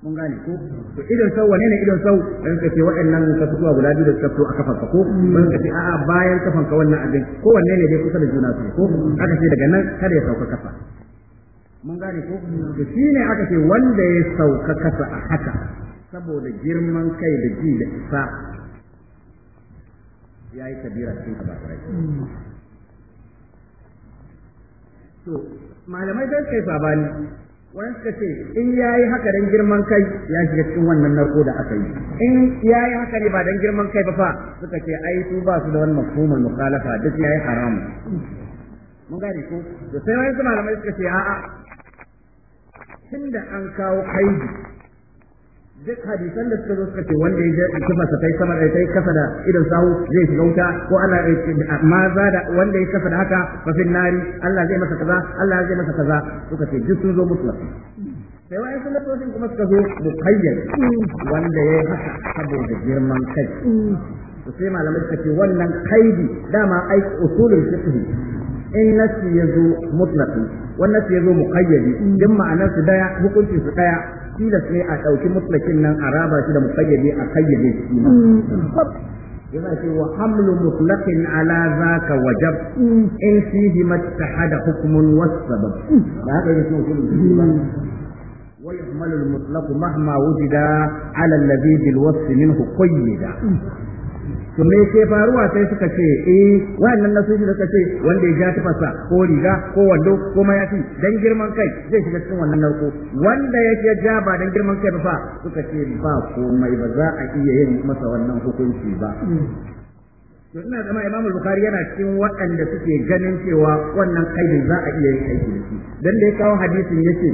A: mun gane ko to idon sau wane ne idon sau dan kace waɗannan ka zuwa guda biyu da suka fito a kafan ka ko mun kace a'a bayan kafan ka wannan abin ko wanne ne dai kusa da juna su ko aka ce daga nan kada ya sauka kafa mun gane ko to ne aka ce wanda ya sauka kasa a haka saboda girman kai da ji da isa ya yi kabira cikin kabarai So, malamai don kai ba ni, wani suka ce in ya yi haka don girman kai ya shiga cikin wannan narko da aka yi in ya yi haka ne ba don girman kai ba fa suka ce ai su ba su da wani mafhumul mukhalafa duk ya yi haramu mun gari ko da sai wani malamai suka ce a'a tun da an kawo kaidi duk hadisan da suka zo suka ce wanda ya kifa sa kai sama da kai kasa da idan sahu zai shiga wuta ko Allah eh, amma eh, za da wanda ya kasa da haka fa fin nari Allah zai masa kaza Allah zai masa kaza suka ce duk sun zo mutlaq
B: sai wa'in sunnatocin
A: kuma suka zo muqayyad wanda ya yi haka saboda girman kai su sai malamai suka ce wannan kaidi dama aiki usulul fiqh in nasi zo mutlaqi wannan ya zo mukayyari din ma'anar su daya hukunci su daya tilas ne a ɗauki mutlakin nan a raba shi da muqayyade a kayyade shi yana ce wa hamlu mutlaqin ala zaka wajab in fihi mattahada hukmun was sabab da haka yake ويحمل المطلق مهما وجد على الذي بالوصف منه قيد to me ke faruwa sai suka ce eh wannan na da suka ce wanda ya ja tafasa ko riga ko wando ko mayafi dan girman kai zai shiga cikin wannan narko wanda yake ja ba dan girman kai ba suka ce ba komai ba za a iya yin masa wannan hukunci ba to ina zama Imam Bukhari yana cikin waɗanda suke ganin cewa wannan kaidin za a iya yin aiki da shi dan da ya kawo hadisin yace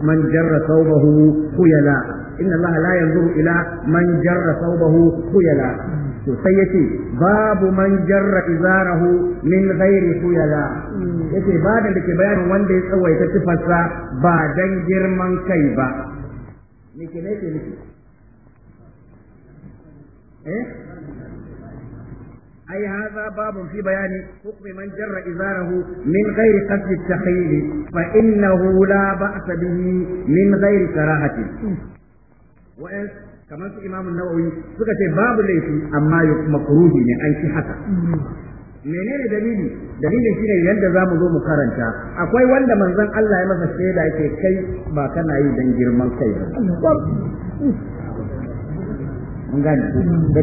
A: man jarra sawbahu khuyala inna allaha la yanzuru ila man jarra thawbahu khuyala to sai yace babu man jarra izarahu min ghairi khuyala yace babin da ke bayanin wanda ya tsawaita tufarsa ba dan girman kai ba me ke nake miki eh أي هذا باب في بيان حكم من جر إزاره من غير قصد التخيل فإنه لا بأس به من غير كراهة wa'an kamar su imamu nawawi suka ce babu laifi amma makruhi ne an ci haka menene dalili Dalili shine yadda za mu zo mu karanta akwai wanda manzon Allah ya masa shaida yake kai ba kana yi dan girman kai ba mun da kenan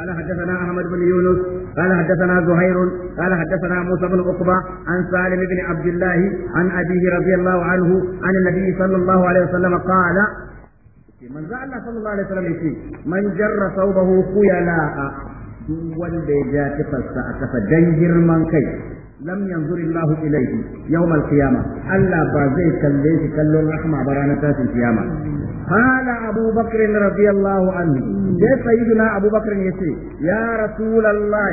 A: قال حدثنا احمد بن يونس قال حدثنا زهير قال حدثنا موسى بن عقبه عن سالم بن عبد الله عن ابيه رضي الله عنه عن النبي صلى الله عليه وسلم قال من ذا الله صلى الله عليه وسلم يقول من جر ثوبه خيلاء wanda ya ja tufarsa a kasa dan girman kai lam yanzur Allah ilayhi yawm al-qiyamah Allah ba zai kalle kallon rahma ba ranar tashin kiyama qala Abu Bakr radiyallahu anhu ya sayyidina Abu Bakr yace ya rasulullah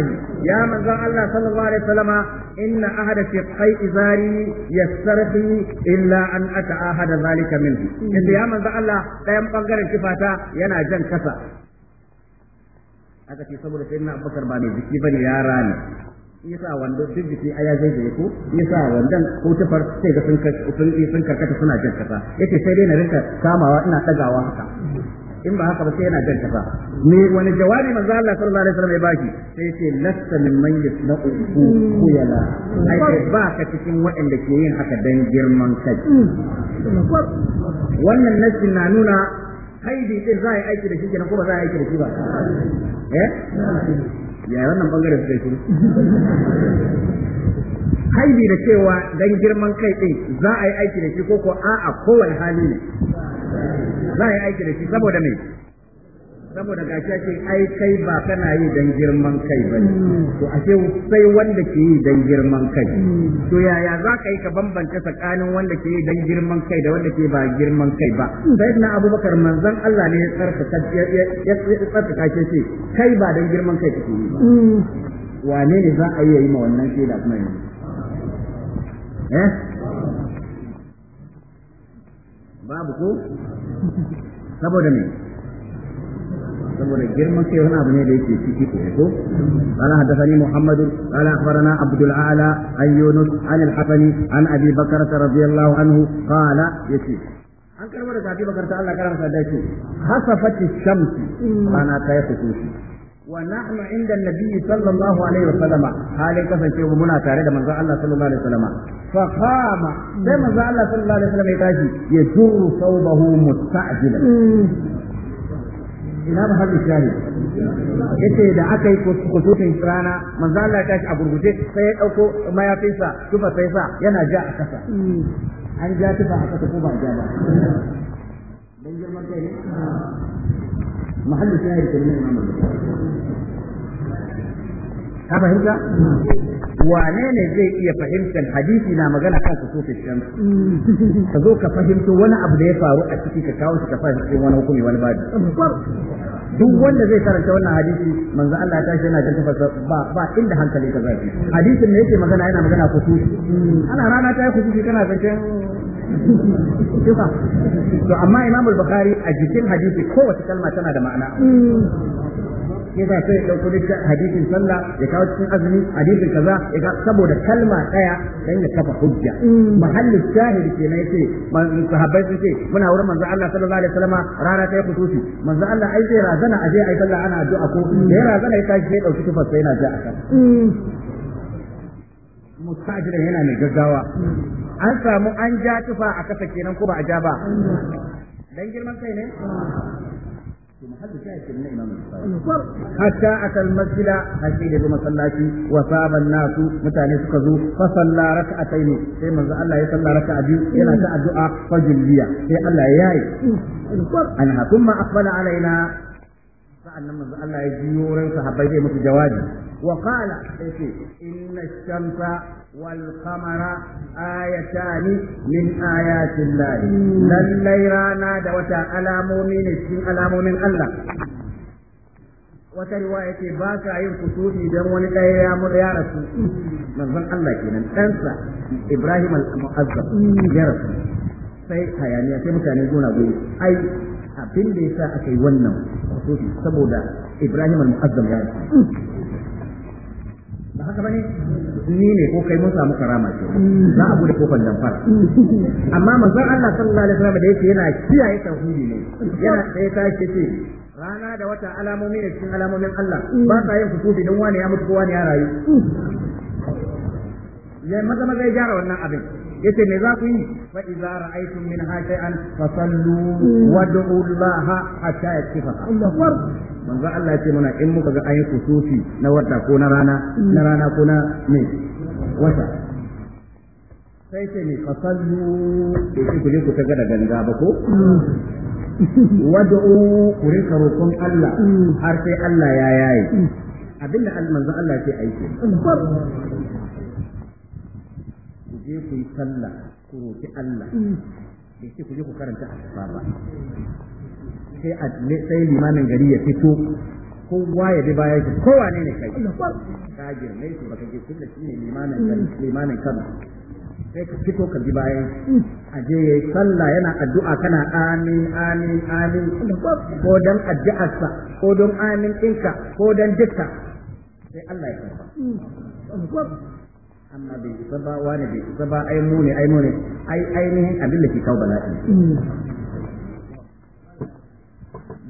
A: ya manzo Allah sallallahu alaihi wasallama inna ahada shiqqai izari yastarhi illa an ata'ahada zalika minhu yace ya manzo Allah dayan bangaren kifata yana jan kasa aka ce saboda sai na abubakar ba mai jiki bane yara ne yasa wanda duk jiki aya zai zai ko yasa wanda ko tufar sai ga sun sun karkata suna jin kafa yace sai dai na rinka kamawa ina dagawa haka in ba haka ba sai yana jin kafa ne wani jawabi manzo Allah sallallahu alaihi wasallam ya baki sai yace lasta min man yasna'u yana ai ba ka cikin waɗanda ke yin haka dan girman kai wannan nasi na nuna kai din za a yi aiki da shi kenan ko ba za a yi aiki da shi ba eh ya wannan bangaren sai shiru haibi da cewa dan girman kai din za a yi aiki da shi ko ko a'a kowane hali ne za a yi aiki da shi saboda me saboda ga ce ai kai ba kana yi dan girman kai ba to ashe sai wanda ke yi dan girman kai to yaya za ka yi ka bambanta tsakanin wanda ke yi dan girman kai da wanda ke ba girman kai ba sai na abubakar manzon Allah ne ya tsarkaka ya tsarkaka ce kai ba dan girman kai kake yi ba wane ne za a yi ma wannan da kuma yanzu eh babu ko saboda me saboda girman kai wani abu ne da yake ciki ko ko ana hadathani muhammad qala akhbarana abdul ala an yunus an al hafani an abi bakr radiyallahu anhu qala yati an karbar da abi ta Allah karanta da yake hasafati shamsi ana kai kusushi ونحن عند النبي صلى الله عليه وسلم حالي كفن شيء منا تاري ده منزل الله صلى الله عليه وسلم فقام ده منزل الله صلى الله عليه وسلم يتاشي يجر صوبه مستعجلا ina ba hadin Ya yace da aka yi kusurin rana manzo Allah ya tashi a gurguje sai ya dauko mayafinsa tufa sai sa yana ja a kasa an ja tufa a kasa ko ba ja ba
B: dan girman kai ne
A: mahallin shari kenan Imam Bukhari ka fahimta wane ne zai iya fahimtar hadisi na magana kan su fi shan ka zo ka fahimto wani abu da ya faru a ciki ka kawo shi ka cikin wani hukumi wani babu duk wanda zai karanta wannan hadisi manzo Allah ya tashi yana jin tafasa ba ba inda hankali ka zafi hadisin ne yake magana yana magana su ana rana ta yi kusufi kana zancen to amma Imam al-Bukhari a jikin hadisi kowace kalma tana da ma'ana yasa sai ya dauko duk hadisin sallah ya kawo cikin azumi hadisin kaza ya ga saboda kalma daya dan ya kafa hujja mm. mahallin shahid kenan yace sahabbai sun ce muna wurin manzo Allah sallallahu alaihi wasallam rana ta shi manzo Allah ai sai razana aje ai sallah ana addu'a ko sai mm. razana ya tashi sai dauki tufa sai yana mm. ji akan yana mai gaggawa an samu an ja tufa a kasa kenan ko ba a ja ba dan girman kai ne ah. حتى أتى المسجد أشيد بمصلاتي وصاب الناس متاني سكزو فصلى ركعتين في منذ الله يصلى ركعة بيو إلى الدعاء فجلية في الله ياي أنها ثم أقبل علينا فأنا منذ الله يجيورا صحبي في مصر جوادي وقال إن الشمس والقمر آيتان من آيات الله للي رانا دوتا ألامومين السين ألامومين الله wata riwaya ce ba ka yin kusuri idan wani ɗaya ya mutu ya rasu manzon Allah kenan ɗansa Ibrahim al ya rasu sai hayaniya sai mutane gona gobe. ai abin da yasa aka yi wannan kusuri saboda Ibrahim al-Mu'azzab ya rasu ba haka ne? ni ne ko kai mun samu karama ce za a bude kofar damfar amma manzon Allah sallallahu alaihi wasallam da yake yana kiyaye tauhidi ne yana sai ta ce rana da wata alamomi ne cikin alamomin Allah ba sa yin kusufi don wani ya mutu ko wani ya rayu ya maza maza ya gyara wannan abin yace me za ku yi fa idza ra'aytum min sallu fasallu mm. wad'u Allah hatta yakfa Allahu manzo Allah ya ce mana in muka ga ayin kusufi na wata ko na rana na rana ko na me wata sai ce ne fasallu da shi ku ku taga da ganga ba ko wad'u ku rinka roƙon Allah har sai Allah ya yaye abinda manzo Allah ya ce aiki ku je ku yi sallah ku roƙi Allah da shi ku je ku karanta a ba sai limamin gari ya fito kowa ya bi bayan shi kowa ne ne kai ka girme su baka ji tunda shi ne limamin limanin kano sai ka fito ka bi bayan a je yayi sallah yana addu'a kana amin amin amin ko dan addu'arsa ko don amin ɗinka ko dan dukka sai Allah ya karba amma bai isa ba wani bai isa ba ai mu ne ai mu ne ai ainihin abin da ke kawo bala'i mm.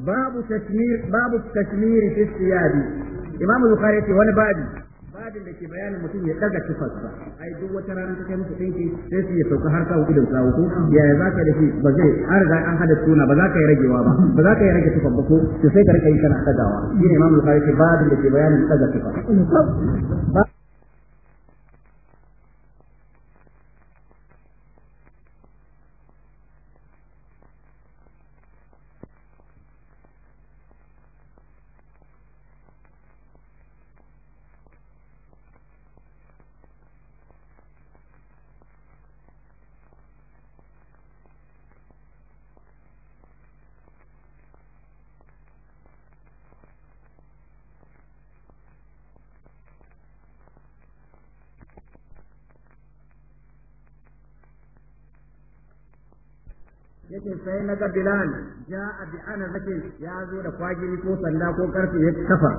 A: babu tashmir babu tashmir fi siyabi imam bukhari ce wani babi babin da ke bayanin mutum ya daga tufarsa ai duk wata rana ta kai musu dinki sai su ya sauka har kawo idan kawo ko yaya za ka da shi ba zai an riga an hada suna ba za ka yi ragewa ba ba za ka yi rage tufar ba ko to sai ka rika yi kana dagawa shine imam bukhari babin da ke bayanin daga tufar sai na ga bilan ya abi ana zake ya zo da kwagiri ko sanda ko karfe ya kafa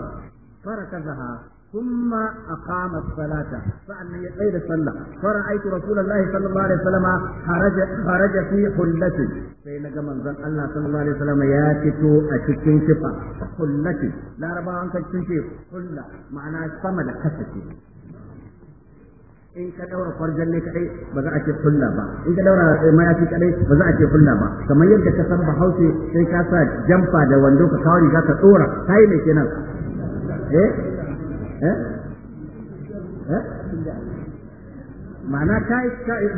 A: faraka zaha thumma aqama salata sa'an ya tsaya da sallah fara aiki rasulullahi sallallahu alaihi haraja haraja fi hullati sai na ga manzon Allah sallallahu alaihi ya fito a cikin kifa hullati larabawan kan cikin kifa ma'ana sama da kasa in ka daura farjan ne kadai ba za a ce kulla ba in ka daura eh, mayafi kadai ba za a ce kulla ba kamar yadda ka san bahaushe sai ka sa jamfa da wando ka kawo riga ka tsora kai ne kenan eh eh eh ma'ana kai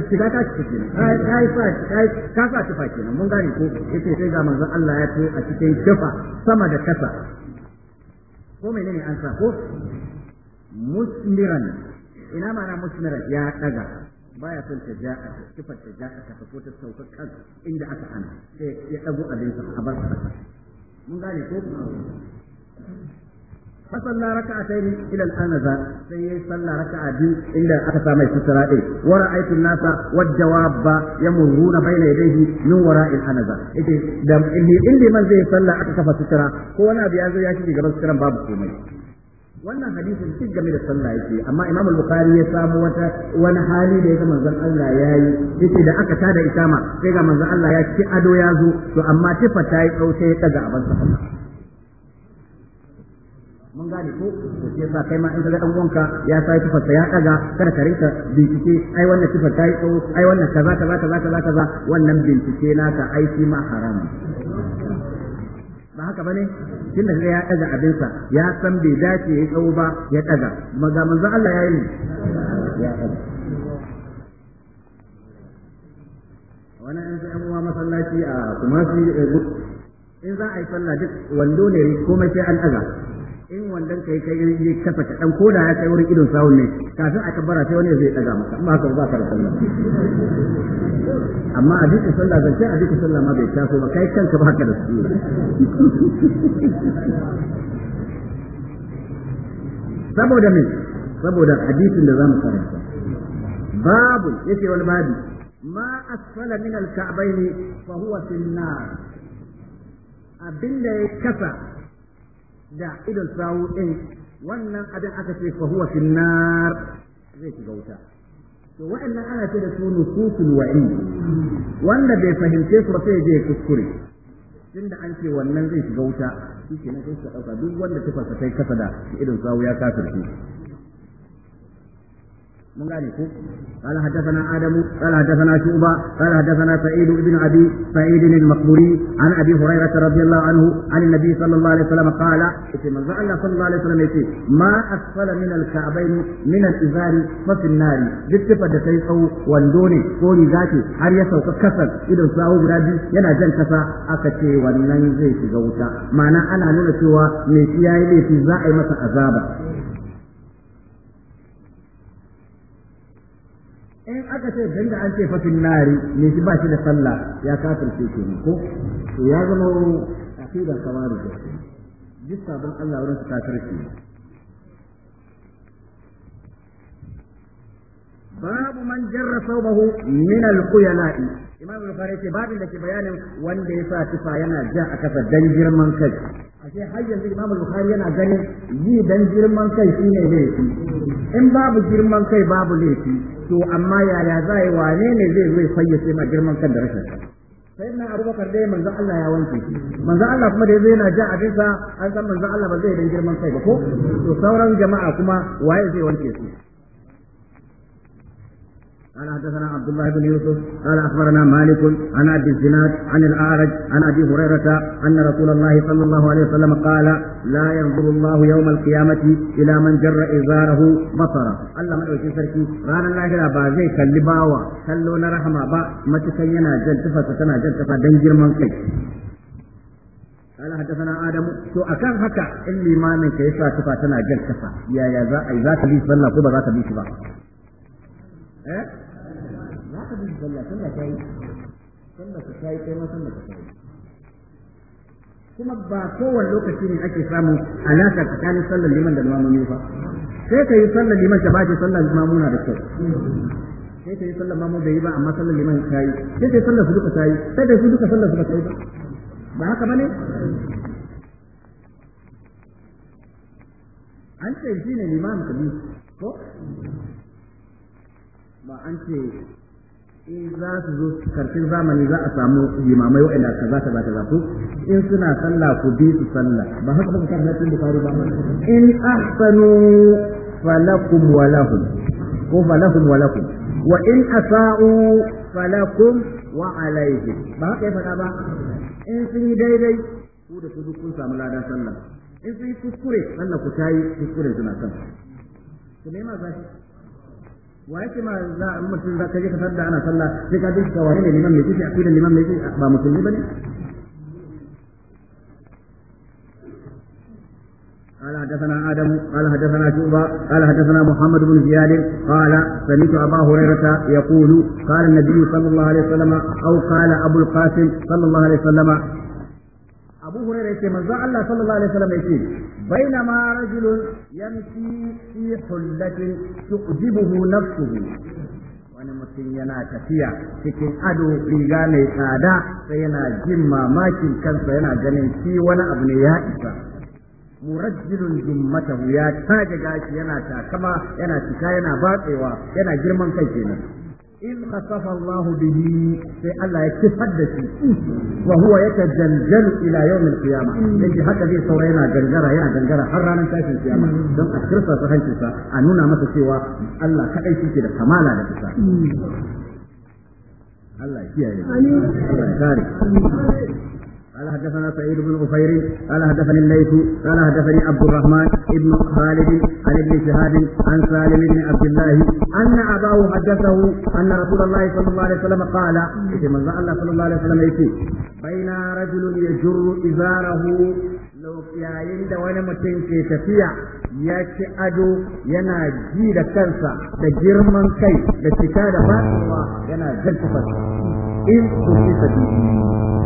A: shiga ta ci kenan kai kai fa kai ka sa tufa kenan mun gane ko yace sai ga manzon Allah ya ce a cikin jafa sama da kasa ko menene an sa ko musmiran ina mana musmira ya daga baya son ta ja ta kifa ta ja ta ko ta sauka kan inda aka ana sai eh, ya dago abin sa a bar sa mun gane ko fa salla raka'atayn ila al-anaza sai yayi salla raka'a biyu inda aka sa mai sutura din wa ra'aytu an-nasa wajjawabba yamurruna bayna yadayhi min wara'i al-anaza idan inda man zai salla aka kafa sutura ko wani abu ya zo ya shige gaban sutura babu komai wannan hadisin duk game da sallah yake amma imam al-bukhari ya samu wata wani hali da yake manzon Allah ya yi yace da aka tada itama sai ga manzon Allah ya ci ado ya zo to amma tifa ta yi tsau sai ya daga abin sa mun gane ko to sai ba kai ma in ga dan uwanka ya sai tifa ta ya daga kada ka rinka bincike ai wannan tifa ta yi tsau ai wannan kaza kaza kaza kaza kaza wannan bincike naka aiki ma haram. ba haka bane tun da ya daga abinsa ya san bai dace ya tsawo ba ya daga maza manzo Allah ya yi ne wani an sai abuwa masallaci a kuma eh, in za a yi sallah duk wando ne komai sai an daga in wandan kai kai yi kafa ta dan koda ya kai wurin idon sawun ne kafin aka bara sai wani zai daga maka amma ka ba ka rasa sallah amma a duk sallah zance a duk sallah ma bai taso ba kai kanka ba haka da su saboda me saboda hadisin da zamu karanta babu yake wal babu ma asfala min al kabayni fa huwa fil nar abinda ya kasa da idan sawo ɗin wannan abin aka ce fa huwa finnar zai shiga wuta to wa'annan ana ce da su nususul wa'i wanda bai fahimce su ba sai je kuskure tunda an ce wannan zai shiga wuta shi ke nan sai ka ɗauka duk wanda ta fasa kai kasa da idan sawo ya kafirce من ذلك قال حدثنا آدم قال حدثنا شعبة قال حدثنا سعيد بن أبي سعيد المقبوري عن أبي هريرة رضي الله عنه عن النبي صلى الله عليه وسلم قال من الله صلى الله عليه وسلم يقول ما أسفل من الكعبين من الإزار ففي النار بالتفة دسيقه واندوني كوني ذاتي هل يسوق كسر إذا ساهو برادي ينا جن كسا أكتي وننزي في زوتا معنى أنا نلتوا ميتياي في زائمة أزابا in aka ce dan da an ce fatin nari ne shi ba shi da sallah ya kafirce ke ko to ya zama akidar kamar da duk sabon Allah wurin su kafirce babu man jarra sawbahu min al quyalai imamu bukhari ce babin da ke bayanin wanda ya sa tufa yana ja a kasa dan girman kai ashe har yanzu imamu Bukhari yana ganin yi dan girman kai ne laifi in babu girman kai babu laifi to amma yaya za a yi wane ne zai zai fayyace ma girman kan da rashin sai na abubakar dai manzo Allah ya wanke shi manzo Allah kuma da yazo yana ja abin sa an san manzo Allah ba zai dan girman kai ba ko to sauran jama'a kuma waye zai wanke su قال حدثنا عبد الله بن يوسف قال اخبرنا مالك عن ابي الزناد عن الاعرج عن ابي هريره ان رسول الله صلى الله عليه وسلم قال لا ينظر الله يوم القيامه الى من جر ازاره بصره الله ما يوجد سركي رانا لاهرا با زي kalli bawa kallo na rahama ba matukan yana jan tufa tana jan tufa dan girman kai قال حدثنا ادم تو اكان هكا اللي ما من كيسا تفا تنا جل تفا يا يا ذا اي ذات لي صلى كوبا ذات بيش با ايه sallah sallah kai sallah ka kai kai ma sallah ka kai kuma ba kowane lokaci ne ake samun alaka tsakanin sallar liman da mamomi ba sai ka yi sallar liman ka ba shi sallar mamuna da kyau sai ka yi sallar mamu bai yi ba amma sallar liman ta yi sai ka yi sallar su duka ta yi sai ka yi su duka sallar su ba ta yi ba ba haka ba ne an ce shi ne liman ka bi ko ba an ce
B: in za su zo
A: karshen zamani za a samu limamai waɗanda za kaza kaza ku in suna sallah ku bi su sallah ba haka ba kan hadisin bukhari ba in ahsanu falakum wa lahum ko falakum wa lakum wa in asa'u falakum wa alayhim ba haka ya faɗa ba in sun yi daidai ku da su kun samu ladan sallah in sun yi kuskure sallah ku ta yi kuskure suna kan su ne ma wa yake ma za a mutum za ka je ka sadda ana sallah sai ka dinka wani ne liman mai kishi akidan liman mai kishi ba musulmi bane قال حدثنا آدم قال حدثنا شعبة قال حدثنا محمد بن زياد قال سمعت أبا هريرة يقول قال النبي صلى الله عليه وسلم أو قال أبو القاسم صلى الله عليه وسلم abu hurairah yace manzo Allah sallallahu alaihi wasallam yace bainama rajulun yamshi fi hullatin tu'jibuhu nafsuhu wani mutum yana tafiya cikin ado riga mai tsada sai yana jin mamakin kansa yana ganin shi wani abu ne ya isa murajjilun jummatahu ya taje gashi yana takama yana cika yana batsewa yana girman kai kenan in khasafa Allah bihi sai Allah ya kifar da shi wa huwa yatajaljalu ila yawm al-qiyamah yace haka zai saura yana gangara yana gangara har ranar tashin kiyama don a kirsa su hancinsa a nuna masa cewa Allah kadai shi da kamala da kisa Allah ya kiyaye Allah ya kare قال حدثنا سعيد بن عفير قال حدثني الليث قال حدثني عبد الرحمن بن خالد عن ابن شهاب عن سالم بن عبد الله ان اباه حدثه ان رسول الله صلى الله عليه وسلم قال كما الله صلى الله عليه وسلم يقول بين رجل يجر ازاره لو يا يند وانا متين كيفيه ya ci ado yana ji da kansa da girman kai da cika da fasuwa yana zartafa in ku fi sabi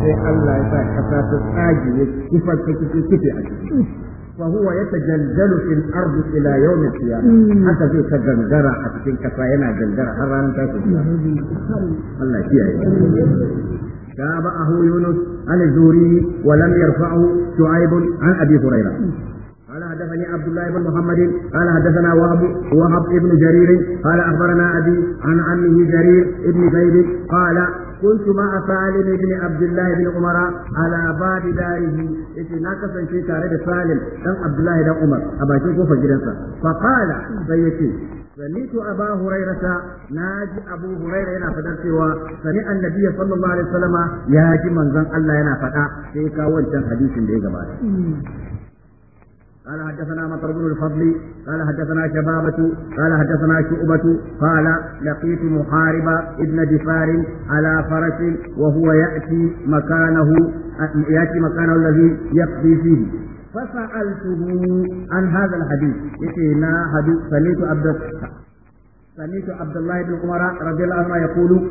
A: sai Allah ya sa kasa ta tsage ya kifar ta kife a ciki فهو يتجلجل ila الارض الى يوم القيامه حتى في تجلجرا a cikin كفا yana جلجرا har ranar ta Allah kiyaye تابعه يونس عن الزهري ولم يرفعه شعيب عن ابي هريره قال حدثني عبد الله بن محمد قال حدثنا وهب وهب ابن جرير قال اخبرنا ابي عن عمه جرير ابن زيد قال كنت مع سالم بن عبد الله بن عمر على باب داره يتي نا كسانشي تاره سالم دان عبد الله بن عمر اباكي كوفا جدنسا فقال سيتي سمعت أبا هريرة ناجي أبو هريرة ينا فدر سوى سمع النبي صلى الله عليه وسلم ياجي من زن الله ينا فدا سيكا وانتن حديث بيجا بعد قال حدثنا مطر بن الفضل قال حدثنا شبابة قال حدثنا شؤبة قال لقيت محارب ابن دفار على فرس وهو يأتي مكانه يأتي مكانه الذي يقضي فيه فسألته عن هذا الحديث يتينا حديث سميت عبد سميت عبد الله بن عمر رضي الله عنه يقول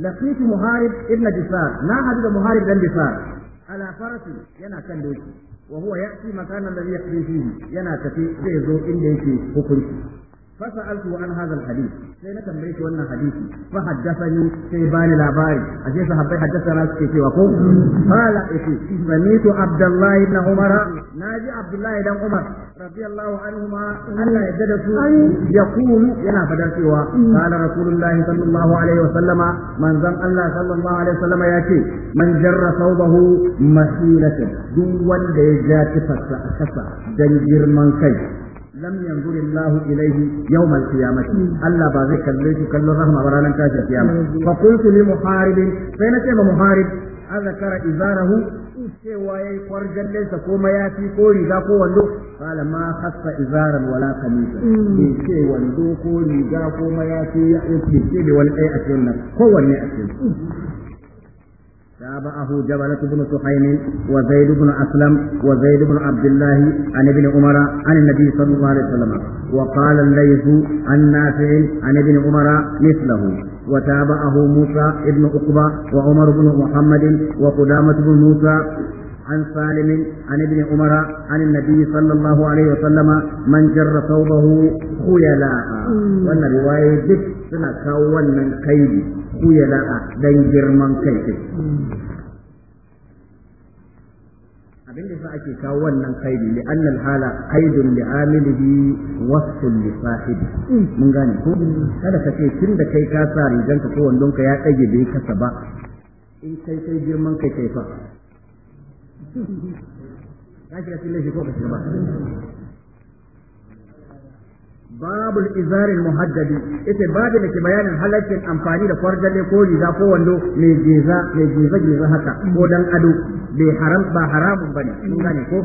A: لقيت محارب ابن دفار ما حدث محارب بن دفار على فرس ينا كان دوشي wa huwa ya'ti makana alladhi yaqdi fihi yana tafi zai zo inda yake hukunci Fasa عن هذا الحديث sai na tambaye shi wannan hadisi fa ni sai bani labari a jefa habbai haddathana su ke cewa ko qala ifi samitu abdullahi ibn umar naji abdullahi dan umar radiyallahu anhu ma Allah ya dada su yaqulu yana fadar cewa qala rasulullahi sallallahu alaihi wa sallama man zan Allah sallallahu alaihi wa sallama yace man jarra thawbahu masilatan duk wanda ya jaci tifarsa a kasa dan girman kai lam yanzur Allah ilayhi yawm al-qiyamah Allah ba zai kalli shi kallon rahma ba ranar tashin kiyama fa qultu muhari muharib sai na ce muhari. muharib azkara izarahu cewa ya yi ko mayafi ko riga ko wando kala ma hasa izaran wala kamisa bai ce wando ko riga ko mayafi ya ce da wani ɗaya a kowanne a تابعه جبلة بن سحيم وزيد بن أسلم وزيد بن عبد الله عن ابن عمر عن النبي صلى الله عليه وسلم وقال الليث عن نافع عن ابن عمر مثله وتابعه موسى بن عقبة وعمر بن محمد وقدامة بن موسى عن سالم عن ابن عمر عن النبي صلى الله عليه وسلم من جر ثوبه خيلاء وان رواية سنة كون كيدي ya a dan girman kai abin da sa ake kawo wannan kaidi li annal hala kaidun li amilihi wasfun li sahibi mun gane ko kada ka ce tun da kai ka sa rigan ka ko wandon ka ya dage bai kasa ba in kai kai girman kai kai fa ka shi ko ka ba babu izarin muhaddadi ita babu da ke bayanin halaccin amfani da kwarjalle ko riga ko wando mai geza mai geza geza haka ko dan ado bai haram ba haramun bane kun ko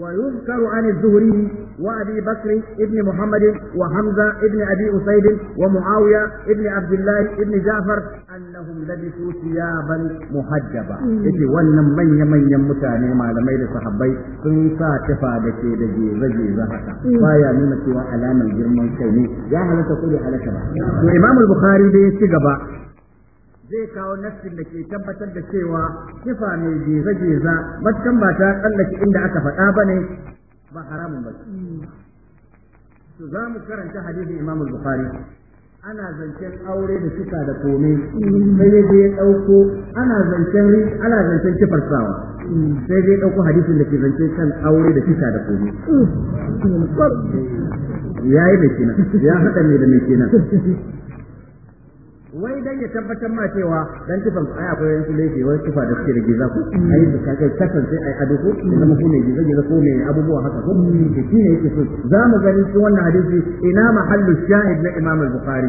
A: ويذكر عن الزهري وابي بكر ابن محمد وحمزه ابن ابي اسيد ومعاويه ابن عبد الله ابن جعفر انهم لبسوا ثيابا محجبه يجي wannan manya manyan mutane malamai da sahabbai sun sa tafa da ke da jeje za haka baya nuna cewa alamar girman kai ne ya halarta, ko bai ba to bukhari ya ci gaba zai kawo nassin da ke tabbatar da cewa kifa mai geza-geza matukan ba ta tsallake inda aka faɗa ba ne ba haramun ba su za mu karanta hadisin imam bukhari ana zancen aure da suka da kome sai dai dai ɗauko ana zancen ana zancen kifar sawa sai dai ɗauko hadisin da ke zance kan aure da suka da kome ya yi mai kenan ya haɗa mai da mai kina wai dan ya tabbatar ma cewa dan kifan ai akwai wani laifi wai kifa da suke da giza ko ai da kake kasan sai ai adu ko da zama ne gizo giza giza ko ne abubuwa haka ko shi ne yake so za mu gani shi wannan hadisi ina mahallu shahid na Imam al-Bukhari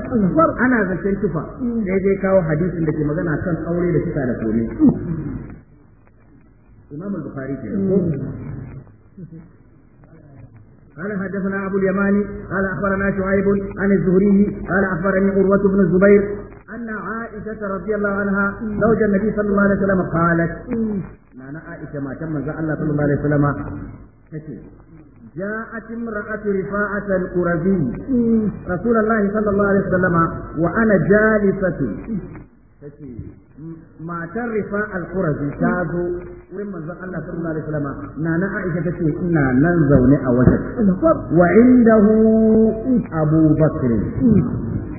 A: ana zancen kifa sai dai kawo hadisin da ke magana kan aure da kisa da komai Imam al-Bukhari ke قال حدثنا أبو اليماني قال أخبرنا شعيب عن الزهري قال أخبرني عروة بن الزبير أن عائشة رضي الله عنها زوج النبي صلى الله عليه وسلم قالت نانا عائشة ما تم الله صلى الله عليه وسلم جاءت امرأة رفاعة القرزي رسول الله صلى الله عليه وسلم وأنا جالسة matar rifa al-qurazi ta zo wurin manzon Allah sallallahu alaihi wasallam nana Aisha tace ina nan zaune a wajen wa indahu Abu Bakr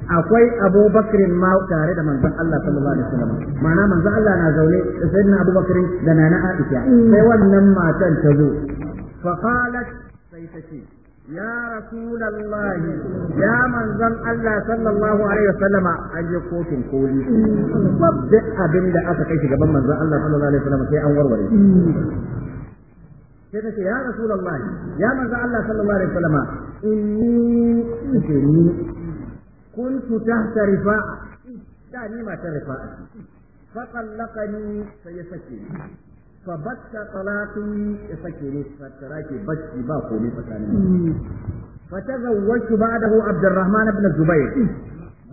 A: akwai Abubakar ma tare da manzon Allah sallallahu alaihi wasallam mana manzon Allah na zaune da sayyidina Abubakar da nana Aisha sai wannan matan ta zo fa qalat sai ta ce ya rasulullahi ya manzon Allah sallallahu alaihi wasallama an je kotun koli duk abin da aka kai gaban manzon Allah sallallahu alaihi wasallama sai an warware sai ce ya rasulullahi ya manzon Allah sallallahu alaihi wasallama inni kuntu tahta rifa'a da ni matar rifa'a fa qallaqani sai ya sake ni fa batta talaqi ya sake ni fa tarake bacci ba komai tsakanin fa tazawwaju ba'dahu Abdurrahman ibn Zubair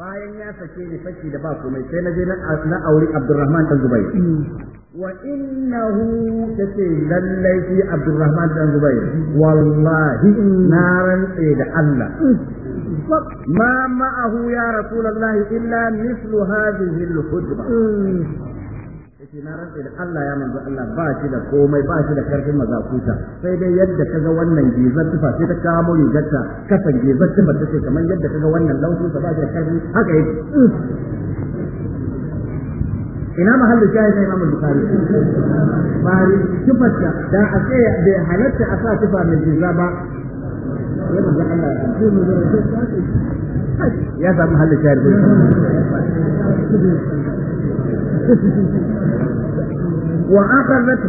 A: bayan ya sake ni saki da ba mai, sai na je na auri Abdurrahman dan Zubair wa innahu tace lallai shi Abdurrahman dan Zubair wallahi na rantse da Allah ما معه يا رسول الله إلا مثل هذه الخدمة yace na rantsa da Allah ya manzo Allah ba shi da komai ba shi da karfin mazakuta sai dai yadda ka ga wannan gizar tufa sai ta kamo rigarta kasan gizar tufa ta ce kamar yadda ka ga wannan laushin sa ba shi da karfi haka yake ina mahallu ya na Imam Bukhari bari tufarta da a ce bai halatta a sa tufa mai giza ba ya samu halin shayar da wa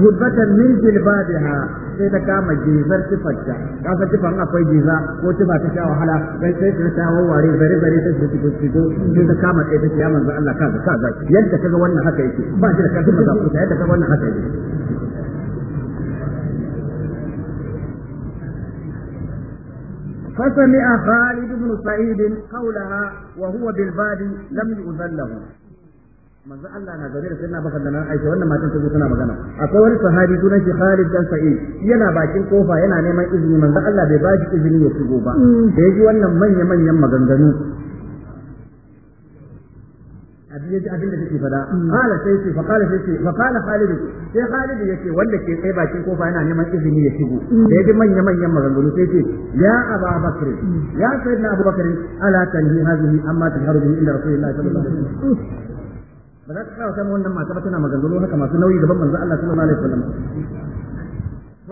A: hudbatan min jilbabiha sai ta kama jizar tifarta kasa tifan akwai jiza ko tifa ta sha wahala sai sai ta sha wawware bare bare ta shi cikin ciko sai ta kama sai ta ya manzo Allah kaza kaza yadda kaga shi da yadda kaga فسمع خالد بن سعيد قولها وهو بالبادي لم يؤذن له manzo Allah na gare da sai na baka da nan aisha wannan matan tazo tana magana akwai wani sahabi sunan shi Khalid dan Sa'id yana bakin kofa yana neman izini manzo Allah bai bashi izini ya shigo ba da yaji wannan manya manyan maganganu abin abin da kake fada qala sai sai fa qala sai sai fa qala Khalid sai Khalid yace wanda ke tsaye bakin kofa yana neman izini ya shigo da yaji manya manyan maganganu sai ce ya Aba Bakr ya sayyidina Abu Bakr ala tanhi hadhihi amma taharu bihi inda Rasulullahi sallallahu alaihi wasallam ba za ka kawo sai wannan mata ba tana maganganu haka masu nauyi gaban manzo Allah sallallahu alaihi wasallam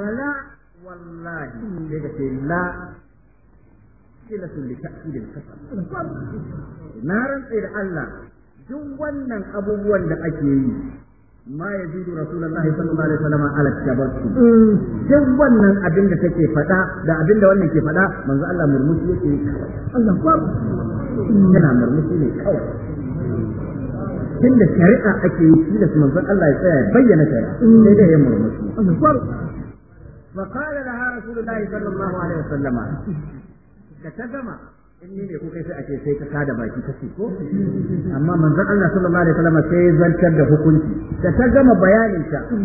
A: wala wallahi sai ka ce la kila sun bi ta'idil kasar na rantsa da Allah duk wannan abubuwan da ake yi ma ya ji da rasulullah sallallahu alaihi wasallam ala tabassu duk wannan abin da take fada da abin da wannan ke fada manzo Allah murmushi yake Allah ba yana murmushi ne kawai tun da shari'a ake yi shi da manzon Allah ya tsaya bayyana shari'a sai da ya murmushi Allah ba fa qala laha rasulullah sallallahu alaihi wasallam da ta gama in ni ne ko kai sai a ce sai ka kada baki kace ko amma manzon Allah sallallahu alaihi wasallam sai zantar da hukunci da ta gama bayanin ta sai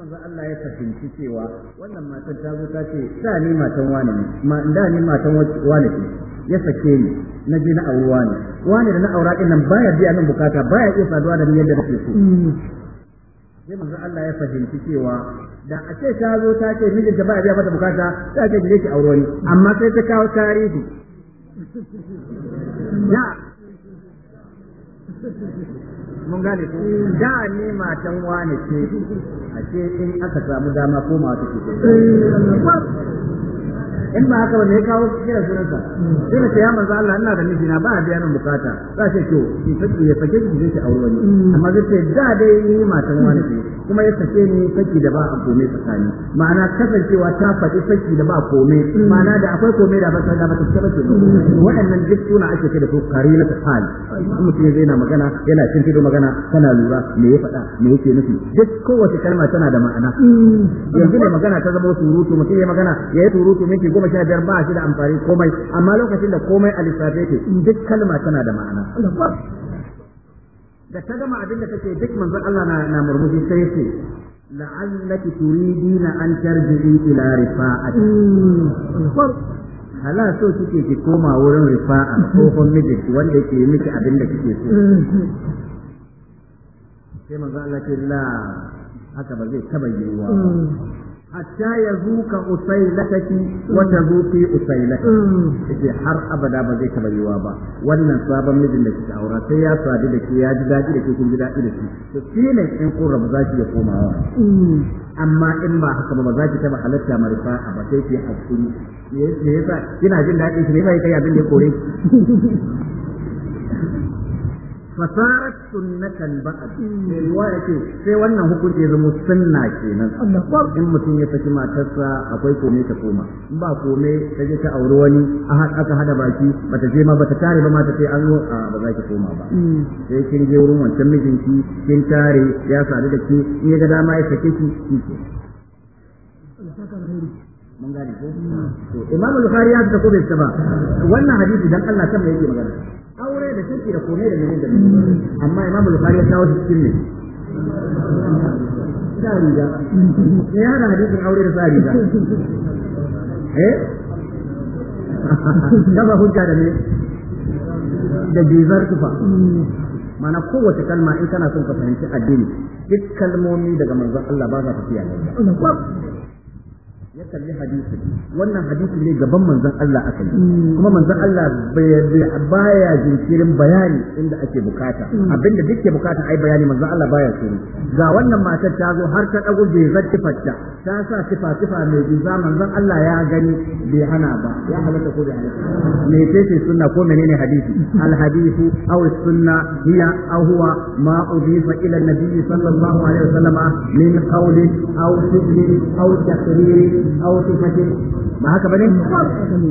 A: manzon Allah ya fahimci cewa wannan matan ta zo ta ce da ni matan wani ne ma da ni matan wani ce ya sake ni na je na auri wani wani da na aura din nan baya biya min bukata baya iya saduwa da ni yadda nake so sai manzo Allah ya fahimci cewa da a ce ta zo ta ce mijinta baya biya mata bukata ta ce ki je ki aure wani. amma sai ta kawo tarihi
B: da
A: mun gane ko da ni matan wane ce a ce in aka samu dama ko in ba haka wanne ya kawo kira sunansa sai mace ya manzo Allah ina da mijina ba a biya bukata za ce to ki saki ya fake ki zai ki aure wani amma zai ce da dai ni matan wani ne kuma ya sake ni saki da ba a kome tsakani ma'ana kasancewa ta faɗi saki da ba a kome ma'ana da akwai kome da ba ta da ba ta ba ce waɗannan duk suna ake ce da su na ta Amma mutum zai na magana yana cin magana kana lura me ya faɗa me yake nufi duk kowace kalma tana da ma'ana yanzu ne magana ta zama surutu mutum ya magana ya yi surutu minti goma sha biyar ba shi da amfani komai amma lokacin da komai a lissafe yake duk kalma tana da ma'ana da ta gama abin da take duk manzon Allah na na murmushi sai ce la'allaki turidina an tarji'i ila rifa'ati hala so kike ki koma wurin rifa'a tsohon miji wanda yake yi miki abin da kike so sai manzo Allah ce la haka ba zai taba yiwuwa hatta ya zuka usailataki wa ta zuki usailaki har abada ba zai taba yiwa ba wannan sabon mijin da kika aura sai ya sadu da ke ya ji daɗi da ke kun ji daɗi da shi in kun za ki ya komawa amma in ba haka ba ba za ki taba halarta marifa a ba sai ki hakuri me jin daɗi shi ne ba kai abin da kore fasarat sunnatan ba'd mai riwaya ce sai wannan hukunci ya zama sunna kenan in mutum ya saki matarsa akwai komai ta koma in ba komai ta je ta auri wani aka haɗa baki ta je ma ta tare ba ma ta sai an zo a ba za ki koma ba mm. sai kin je wurin wancan mijinki kin tare ya sadu da ki in ya ga dama ya sake ki ki mun gane ko to imam bukhari ta ta ba wannan hadisi dan Allah kan yake magana yana da kirki da komai da menene da amma Imam Bukhari ya kawo shi cikin
B: ne da riga
A: ya hada hadisin aure da sa riga eh kafa hujja da ne da bizar tufa mana kowace kalma in kana son ka fahimci addini duk kalmomi daga manzon Allah ba za ta fiya ne
B: ya kalli hadisi
A: wannan hadisi ne gaban manzon Allah aka yi kuma manzon Allah baya jinkirin bayani inda ake bukata abinda duk ke bukata ai bayani manzon Allah baya so ga wannan matar ta zo har ta dago jezar tifarta ta sa tifa tifa mai biza manzon Allah ya gani bai hana ba ya halatta ko bai halatta me ce sunna ko menene hadisi al hadisi aw sunna hiya aw huwa ma udifa ila nabi sallallahu alaihi wasallam min qawlin aw fi'lin aw taqririn aw sifatin ba haka bane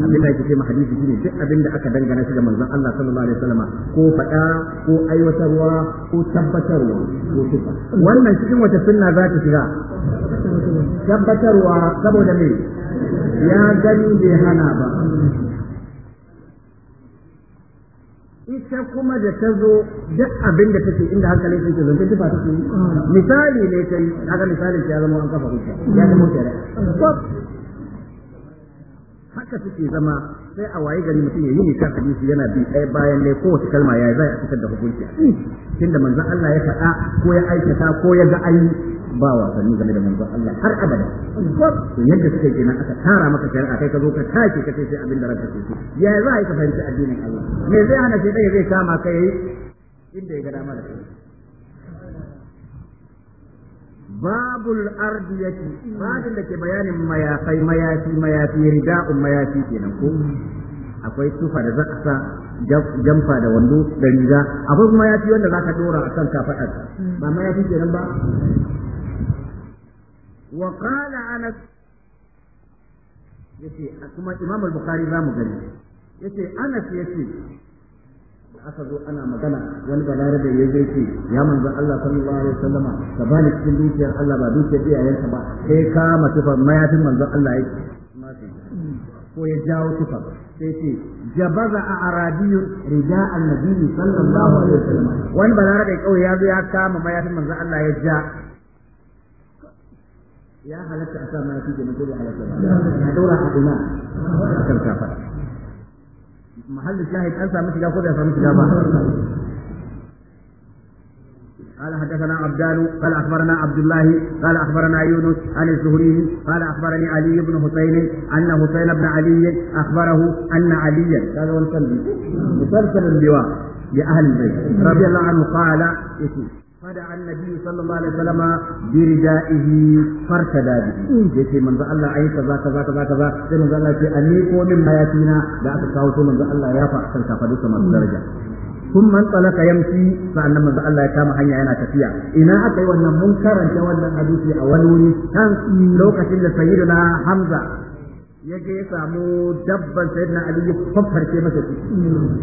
A: abin da yake ce hadisi shine duk abin da aka dangana shi ga manzon Allah sallallahu alaihi ko fada ko aiwatarwa ko tabbatarwa ko sifa wannan cikin wata sunna za ta shiga tabbatarwa saboda me ya gani bai hana ba ita kuma da ta zo duk abin da take inda hankalin take zo take fata misali ne ta kai kaga misali ya zama an kafa hujja ya zama shari'a haka suke zama sai a waye gari mutum ya yi ne hadisi yana bi ɗaya bayan ne kowace kalma ya zai a cikin da hukunci a cikin da manzon Allah ya faɗa ko ya aikata ko ya ga ayi ba wasanni game da manzon Allah har abada to yadda suke kenan aka tara maka shari'a kai ka zo ka take ka sai abin da ranka ce ya za a yi ka fahimci addinin Allah me zai hana shi ɗaya zai kama yi inda ya ga dama da kai babul yake babin da ke bayanin mayafai mayafi mayafi rida'un mayafi kenan ko akwai tufa da za sa jamfa da wando da riga akwai kuma mayafi wanda za ka dora a kan ba mayafi kenan ba wa qala anas yace kuma imam al-bukhari zamu gani yace anas yace aka zo ana magana wani balarabe ya zai ce ya manzan Allah sallallahu alaihi wasallam ka ba ni cikin dukiyar Allah ba dukiyar iyayenka ba sai ka mace fa mayafin manzan Allah ya ko ya jawo tufa sai ce jabaza a arabiyyu rija annabi sallallahu alaihi wasallam wani balarabe kawai ya zo ya kama mayafin manzan Allah ya ja ya halatta a sa mayafi da mutum ya halatta ya daura a ina kan kafa mahallin shahid an samu shiga ko bai samu shiga ba قال حدثنا عبدان قال اخبرنا عبد الله قال اخبرنا يونس عن الزهري قال اخبرني علي بن حسين ان حسين بن علي اخبره ان عليا هذا هو مسلسل اللواء لاهل البيت رضي الله عنه قال فدعا النبي صلى الله عليه وسلم بردائه فارتدى به yace manzo Allah ayi kaza kaza kaza kaza sai manzo Allah ce a ko min mayatina da aka kawo to manzo Allah ya fa kafa duka masu daraja kun man tsalaka yamsi sa'annan manzo Allah ya kama hanya yana tafiya ina aka yi wannan mun karanta wannan hadisi a wani wuri kan lokacin da sayyidina Hamza ya je ya samu dabban sayyidina ali ya faffarke masa shi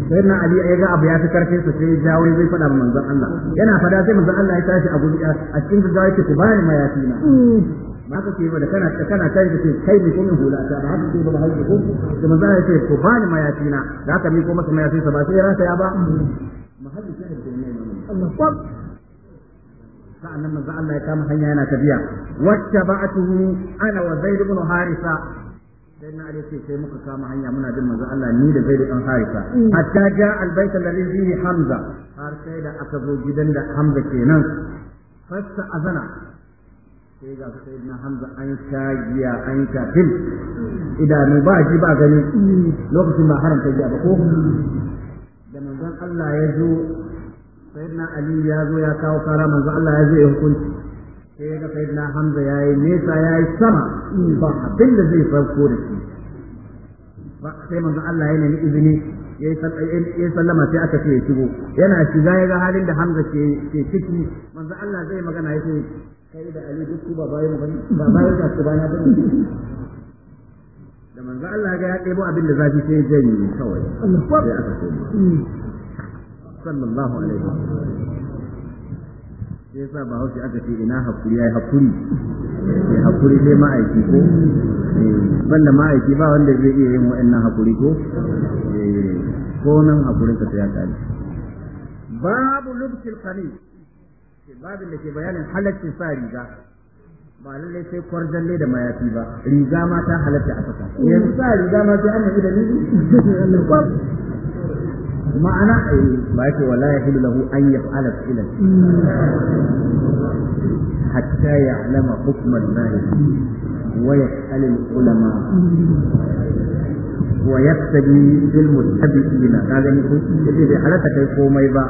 A: sayyidina ali ya ga abu ya fi karfin sa sai ya jawo zai fada manzon Allah yana fada sai manzon Allah ya tashi a guri a cikin da yake ku bani mayafi na mm. ba ka ce ba da kana kana tashi ka ce kai ne kuma hula ta ba haka ce ba haka ko da manzon Allah ya ce ku bani mayafi na da haka miko masa mayafi sa ba sai rasa ya ba mahalli mm. shahid da ne Allah nan manzon Allah ya kama hanya yana tafiya wattaba'tuhu ana wa zaid ibn harisa sai na ali ce sai muka kama hanya muna bin manzo Allah ni da zai da dan harisa mm. hatta ja albayt alladhi fihi hamza har sai da aka zo gidan da hamza kenan fasta azana sai ga sai na hamza an shagiya an kafin idanu ba ji ba gani mm. lokacin ba haramta giya ba ko da manzon Allah ya zo sayyidina ali ya zo ya kawo kara manzon Allah ya zo ya hukunci sai eh, ga sayyidina hamza ya yi nesa ya yi sama ba abin da zai farko da shi ba sai manzo Allah ya nemi izini ya sallama sai aka ce ya shigo yana shiga ya ga halin da hamza ke ke ciki manzo Allah zai magana ya ce kai da Ali duk ku ba bayan ba bayan ka su bana ba da manzo Allah ga ya ɗebo abin da zafi sai ya janye kawai sai aka koma sallallahu alaihi wasallam sai sa ba hausa aka ce ina hakuri yi hakuri ya hakuri sai ma'aiki ko eh, banda ma'aiki ba wanda zai iya yin wa'annan hakuri ko eh, ko nan hakurin ka ta ya kare babu lubsil kani babin da ke bayanin halaccin sa riga ba lallai sai kwarjalle da mayafi ba riga ma ta halatta a kasa yanzu sa riga ma sai an da ni ma'ana ba yake wala ya hilu lahu an yaf'ala fi'lan hatta ya'lama hukman lahi wa yas'al ulama wa yattabi bil muttabi'in kaga ni ko yace bai halatta kai komai ba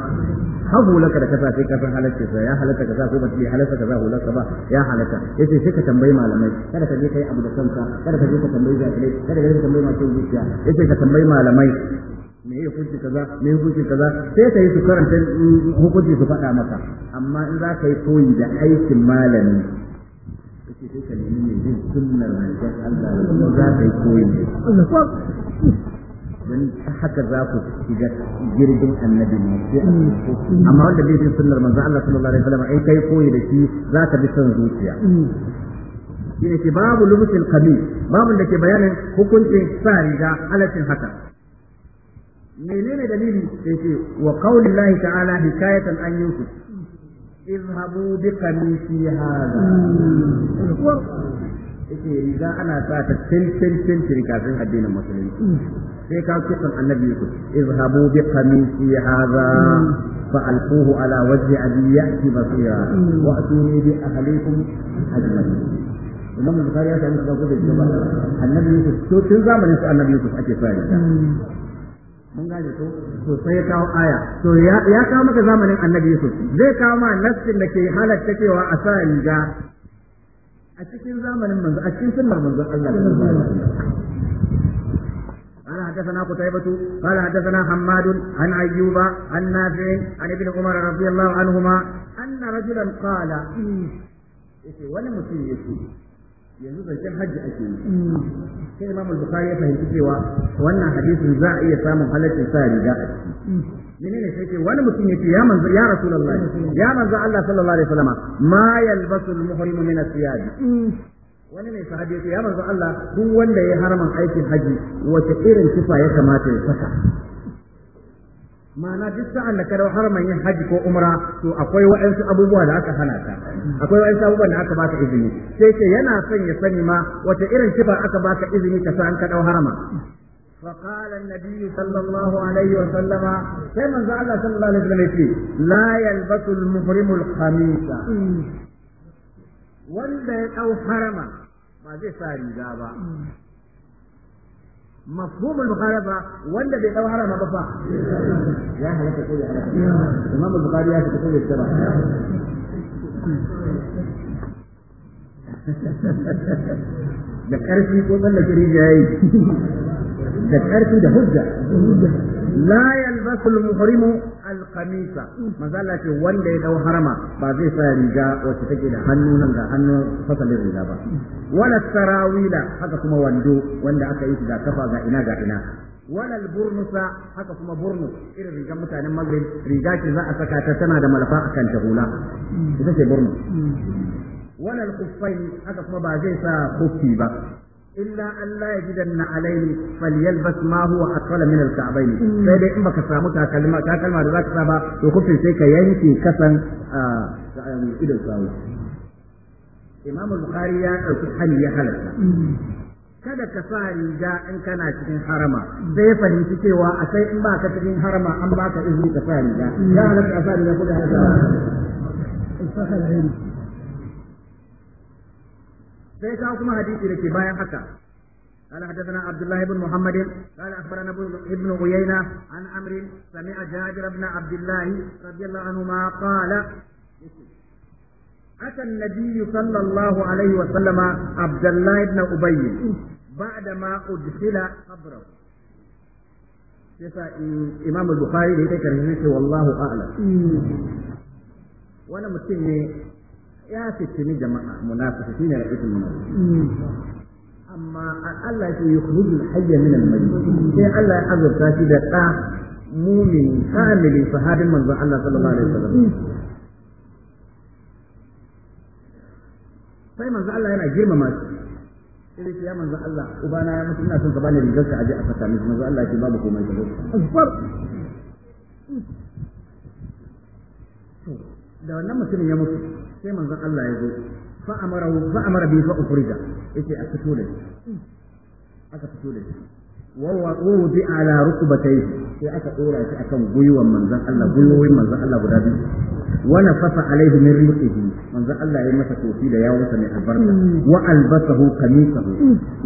A: har hulaka da kasa sai ka san halarci sa ya halatta kasa ko bace halarta kaza hulaka ba ya halatta yace sai ka tambayi malamai kada ka je kai abu da kanka kada ka je ka tambayi jahilai kada ka je ka tambayi masu zuciya yace ka tambayi malamai me ya hukunci kaza me ya hukunci kaza sai ka yi su karanta hukunci su faɗa maka amma in za ka yi koyi da aikin malami kace sai ka nemi mai jin sunnar manzon Allah da za ka yi koyi don haka za ku shiga jirgin annabi ne amma wanda bai bin sunnar manzo Allah sallallahu alaihi wasallam ai kai koyi da shi za ka bi son zuciya shine ke babu lubusil qamis babu da ke bayanin hukuncin sa riga halaccin haka menene dalili sai ce wa qaulillahi ta'ala hikayatan an yusuf izhabu bi qamisi hada yake riga ana sa ta tintin tintin kafin addinin musulunci sai ka annabi yusuf izhabu bi qamisi hada Imam Bukhari ya sami shiga da Annabi Yusuf to tun zamanin su Annabi Yusuf ake fara mun gane ko to ya kawo aya to ya kawo maka zamanin annabi Yusuf zai kawo ma da ke halatta a sa riga a cikin zamanin manzo a cikin sunnar manzo Allah قال حدثنا قتيبة قال حدثنا حماد عن أيوب عن نافع عن ابن عمر رضي الله عنهما أن رجلا قال إيه ولم يكن yanzu zancen hajji ake yi sai imam bukhari ya fahimci cewa wannan hadisin za a iya samun halaccin sa riga a ciki menene sai ce wani mutum yace ya manzo ya rasulullahi ya manzo Allah sallallahu alaihi wasallam ma yalbasu al-muhrimu min as-siyab wani ne sahabi yace ya manzo Allah duk wanda ya harman aikin haji wace irin tufa ya kamata ya saka ma'ana duk sa'an da ka dau yin haji ko umra to akwai wa'ansu abubuwa da aka hana ta akwai wa'ansu abubuwa da aka baka izini sai ce yana son ya sani ma wata irin kifa aka baka izini ka san ka dau harama فقال النبي صلى الله عليه وسلم كما قال الله صلى الله عليه وسلم لا يلبس المحرم الخميس ولا أو حرما ما زي ساري مفهوم المخالفة ولا بيتوا حرام بفا يا هلا تقول إمام البخاري يا تقول السبع da ƙarfi ko tsallake rijiyayi ذكرت لي ده hujja لا يا yalbasul muhrimu alqamisa wanda ya dau harama ba zai sa riga wacce take da hannu ga hannu fasalin riga ba wala sarawila haka wando wanda aka yi da ga ina ga ina wala burnusa irin rigar mutanen magrib riga ce za a saka ta tana da malafa akan ta hula kuma ba zai sa ba illa Allah ya jidan na alaini falyalbas ma huwa asfala min alka'bayn sai dai in baka samu takalma takalma da zaka saba to kufin sai ka yanke kasan idan sawu Imam Bukhari ya dauki hali ya halatta kada ka sa riga in kana cikin harama zai ya fahimci cewa a sai in ba ka cikin harama an ba ka izini ka sa riga ya halatta a sa riga ko ya halatta sai kawo kuma hadisi da ke bayan haka قال حدثنا عبد الله بن محمد قال اخبرنا ابن عيينه عن عمرو سمع جابر بن عبد الله رضي الله عنهما قال اتى النبي صلى الله عليه وسلم عبد الله بن ابي بعدما ادخل قبره yasa Imam Bukhari da yake karanta shi wallahu a'lam wani mutum ne ya fitini jama'a munafiki shine ra'isul munafiki amma Allah ke yukhruju al-hayya min al-mayyit sai Allah ya azurta shi da ɗa mumini kamili sahabin manzon Allah sallallahu alaihi wasallam sai manzon Allah yana girmama shi sai ya manzon Allah ubana ya mutu ina son ka bani rigar ka aje a fata miki manzon Allah ke babu komai ka zo da wannan mutumin ya mutu sai manzon Allah ya zo fa amara fa amara bi fa ukhrija yace a fito da shi aka fito da shi wa wa bi ala rukbatayhi sai aka dora shi akan guyuwan manzon Allah guyuwoyin manzon Allah guda biyu wa nafasa alaihi min riqihi manzon Allah ya masa tofi da ya yawunsa mai albarka wa albasahu qamisahu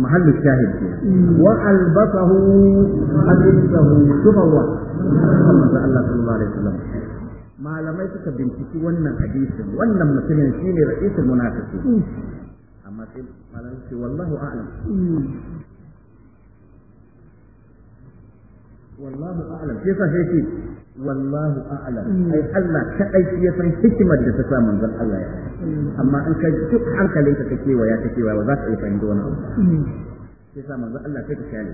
A: mahallu shahid wa albasahu qamisahu tubawa manzon Allah sallallahu alaihi wasallam malamai suka bincike wannan hadisin wannan mutumin shine ra'isul munafiqin amma sai malamai ce wallahu a'lam wallahu a'lam sai sa sai ce wallahu a'lam ai Allah kadai shi ya san hikimar da ta sa manzon Allah ya amma in ka ji duk hankalin ka kake waya take waya ba za ka iya fahimta wannan sai sa manzon Allah sai ka shale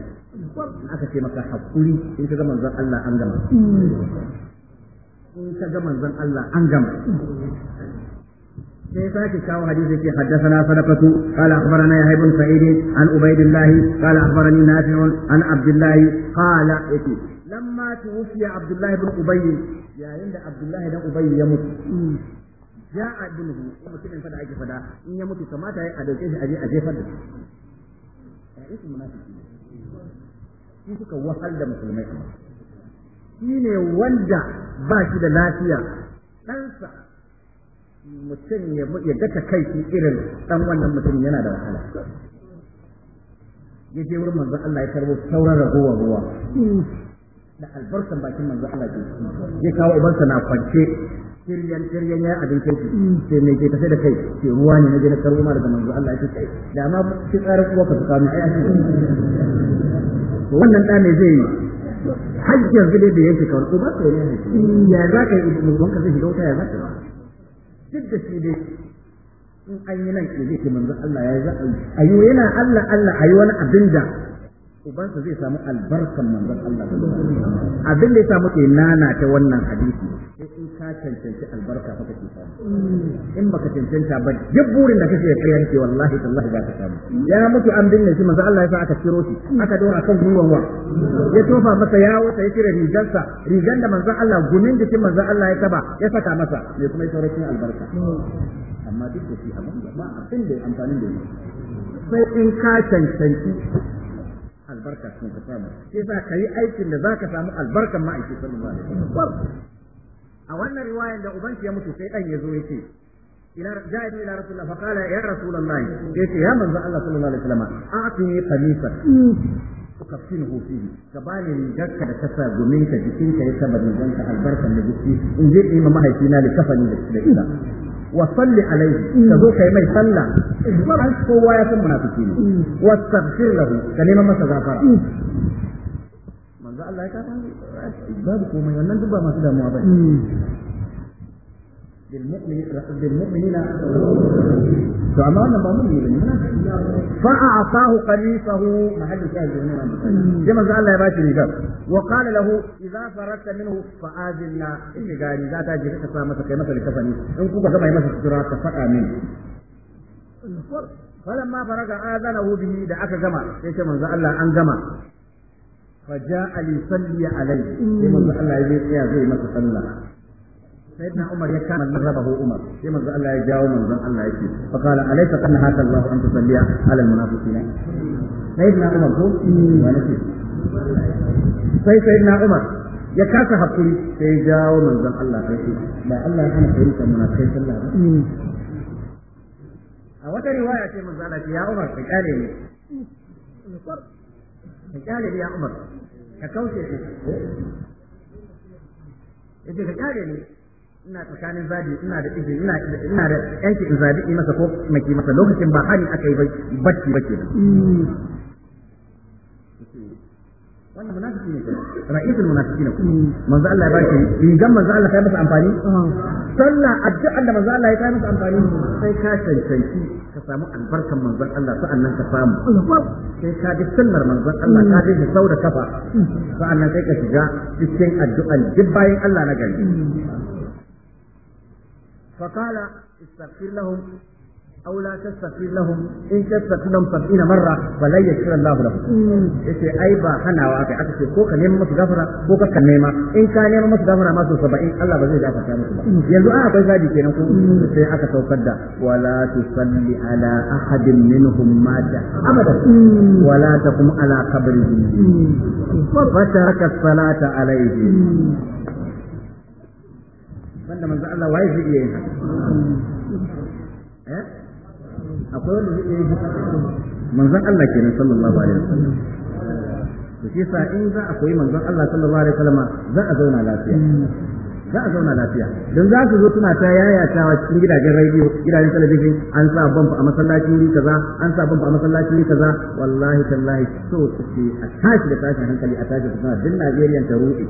A: aka ce maka hakuri in ka ga manzon Allah an gama in ka ga manzon Allah an gama sai sake kawo hadisi ke haddasana sadaqatu qala akhbarana ya ibn sa'id an ubaidillah qala akhbarani nafi' an abdullah qala yake lamma tuwfiya abdullah ibn ubay yayin da abdullah dan ubay ya mutu ja'a ibnuhu kuma fa da ake fada in ya mutu kamata ya dauke shi aje a jefar da shi suka wahal da musulmai kuma. shi ne wanda ba shi da lafiya ɗansa mutum ya ta kai shi irin ɗan wannan mutum yana da wahala ya je wurin manzon Allah ya karbo sauran ragowar ruwa da albarkan bakin manzon Allah ke ya kawo ubansa na kwance kiryan kiryan ya abincin shi sai mai ke tafe da kai ce ruwa ne na je na karbo mara da manzon Allah ya ce kai da ma fitsarin uwa ka tuka mai ai wannan da ne zai yi hajji yanzu dai da yake karɓo ba ka yi ya za ka yi musulman ka zai shiga wuta ya za ka duk da shi dai in an yi nan ke zai ke manzon Allah ya za a yi yana Allah Allah a yi wani abin da ubansa zai samu albarkan manzon Allah abin da ya samu ke nana ta wannan hadisi ka cancanci albarka fa kake samu in baka cancanta ba duk burin da kake kai yake wallahi tallahi za ka samu ya mutu an binne shi manzo Allah ya sa aka ciro shi aka dora kan gwiwan wa ya tofa masa ya wuce ya cire rigarsa rigan da manzo Allah gumin jikin manzo Allah ya taba ya saka masa me kuma ya sauraron albarka amma duk da shi amma ba abin da amfanin da yi sai in ka cancanci albarka sun ka samu sai za ka yi aikin da za ka samu albarkan ma'aiki sallallahu alaihi wasallam a wannan riwayar da ubanki ya mutu sai dan ya zo yace ila ja'id ila rasulullah fa qala ya rasulullah yace ya manzo Allah sallallahu alaihi wasallam a'tini qamisan ukaffinuhu fihi ka bani rigarka da kasa gumin ka jikin ka ya saba rigan ka albarkan da in je in ma mahaifina da kafani da ita wa salli alaihi ka zo kai mai sallah kuma kowa ya san munafiki ne wa taghfir lahu ka nema masa gafara manzo Allah ya kafa babu komai wannan duk ba masu damuwa ba hmm. bil mu'mini bil mu'minina to amma wannan ba mun yi ne fa a'tahu qamisahu mahallu sa'i ne hmm. sai manzo Allah ya bashi riga wa qala lahu idza faratta minhu fa azilna in riga ni za ta je ka sa masa kai masa likafani in ku ka ga mai masa sutura ka faɗa min فلما فرغ آذنه به دعك جمع ليس من ذا الله أن جمع فجاء ليصلي عليه لما الله يجي يا زي ما تصلى سيدنا عمر يكان مذهبه عمر لما الله يجاوب من الله يجي فقال أليس قد نهاك الله أن تصلي على المنافقين سيدنا عمر هو ونسي sai sayyidina Umar ya kasa hakuri sai ya jawo manzon Allah sai ba Allah ya hana kai munafikai sallah ba a wata riwaya ce manzo Allah ya Umar ka kare ni ka kyale ya umar ka kauce shi yace ka kyale ni ina tsakanin zabi ina da izini ina ina da yanki in zabi masa ko maki masa lokacin ba hani aka ba bacci ba wannan munafiki ne ra'isul munafiqina kuma manzo Allah ya bashi rigan manzo Allah ta masa amfani sallah addu'a da manzo Allah ya ta masa amfani sai ka cancanci ka samu albarkan manzo Allah sa'annan ka samu sai ka ji sunnar manzo Allah ka ji sau da kafa sa'annan sai ka shiga cikin addu'an duk bayan Allah na gari فقال استغفر لهم أو لا تستغفر لهم إن تستغفر لهم سبعين مرة فلن يغفر الله لهم. yace ai ba hanawa kai aka ce ko ka nemi musu gafara ko ka ka in ka nemi musu gafara ma su saba'in Allah ba zai gafarta musu ba yanzu an akwai zabi kenan ko sai aka saukar da wala tusalli ala ahadin minhum mata abada wala taqum ala qabrihi fa taraka salata alayhi wanda manzo Allah waye zai iya yin haka akwai wanda zai yi manzon Allah kenan sallallahu alaihi wasallam to shi sa in za a koyi manzon Allah sallallahu alaihi wasallam za a zauna lafiya za a zauna lafiya don za su zo suna ta yayatawa cikin gidajen rediyo gidajen talabijin an sa bamba a masallaci wuri kaza an sa bamba a masallaci wuri kaza wallahi tallahi so suke a tashi da tashin hankali a tashi da dinna Najeriya ta ruɗe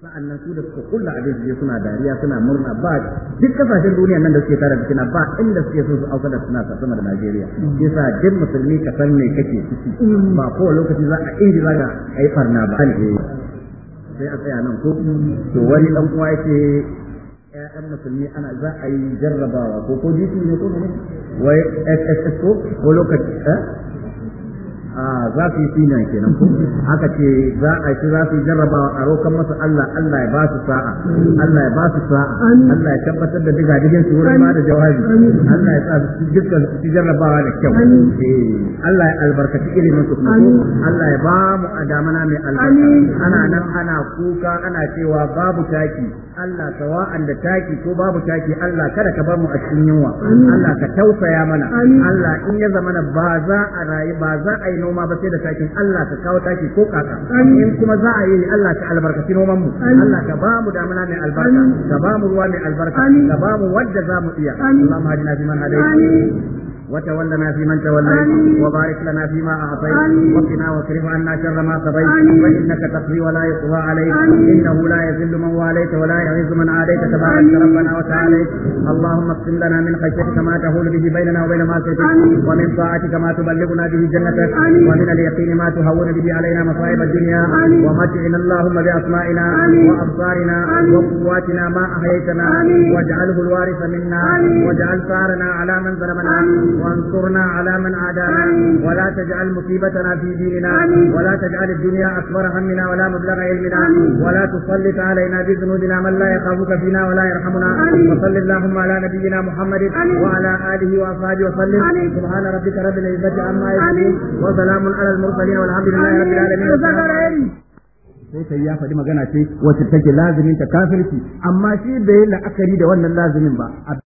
A: sa'annan su da suka kulla abin jirgin suna dariya suna murna ba duk kasashen duniya nan da suke tare da suna ba inda suke so su auka da suna sama da Najeriya yasa duk musulmi ka san me kake ciki ba ko lokaci za a inji za ka kai farna ba sai a tsaya nan ko to wani dan uwa yake ƴaƴan musulmi ana za a yi jarrabawa ko ko jisi ne ko ne wai SSS ko ko lokaci eh? Ah, za su yi sinya kenan ko aka ce za a ci za su yi jarrabawa a rokan masa Allah Allah ya ba su sa'a Allah ya ba su sa'a Allah ya tabbatar da diga digin su wurin ba da jawabi Allah ya sa su dukkan su jarrabawa da kyau eh, Allah ya albarkaci ilimin su kuma Allah ya ba mu adamana mai albarka ana nan ana kuka ana cewa babu taki Allah sawa'an da taki ko babu taki Allah kada ka bar mu a cikin yunwa Allah ka tausaya mana Allah in ya zamana ba za a rayu ba za a yi yin noma ba sai da takin Allah ka kawo taki ko kaka in kuma za a yi Allah ka albarkaci noman mu Allah ka ba mu damuna mai albarka ka ba mu ruwa mai albarka ka ba mu wadda za mu iya Allahumma hadina biman hadayt وتولنا في من توليت وبارك لنا فيما أعطيت وقنا واصرف عنا شر ما قضيت فإنك تقضي ولا يقضى عليك إنه لا يذل من واليت ولا يعز من عاديت تبارك ربنا وتعاليت اللهم اقسم لنا من خشيتك ما تهول به بيننا وبين معصيتك ومن طاعتك ما تبلغنا به جنتك ومن اليقين ما تهون به علينا مصائب الدنيا ومتعنا اللهم بأسمائنا وأبصارنا وقواتنا ما أحييتنا واجعله الوارث منا واجعل ثارنا على من ظلمنا وانصرنا على من عادانا ولا تجعل مصيبتنا في ديننا ولا تجعل الدنيا أكبر همنا ولا مبلغ علمنا ولا تسلط علينا بذنوبنا من لا يخافك فينا ولا يرحمنا وصل اللهم على نبينا محمد وعلى آله وأصحابه وسلم سبحان ربك رب العزة عما يصفون وسلام على المرسلين والحمد لله رب العالمين sai kai ya faɗi magana ce wacce take lazimin ta kafirci amma shi bai la'akari da wannan lazimin ba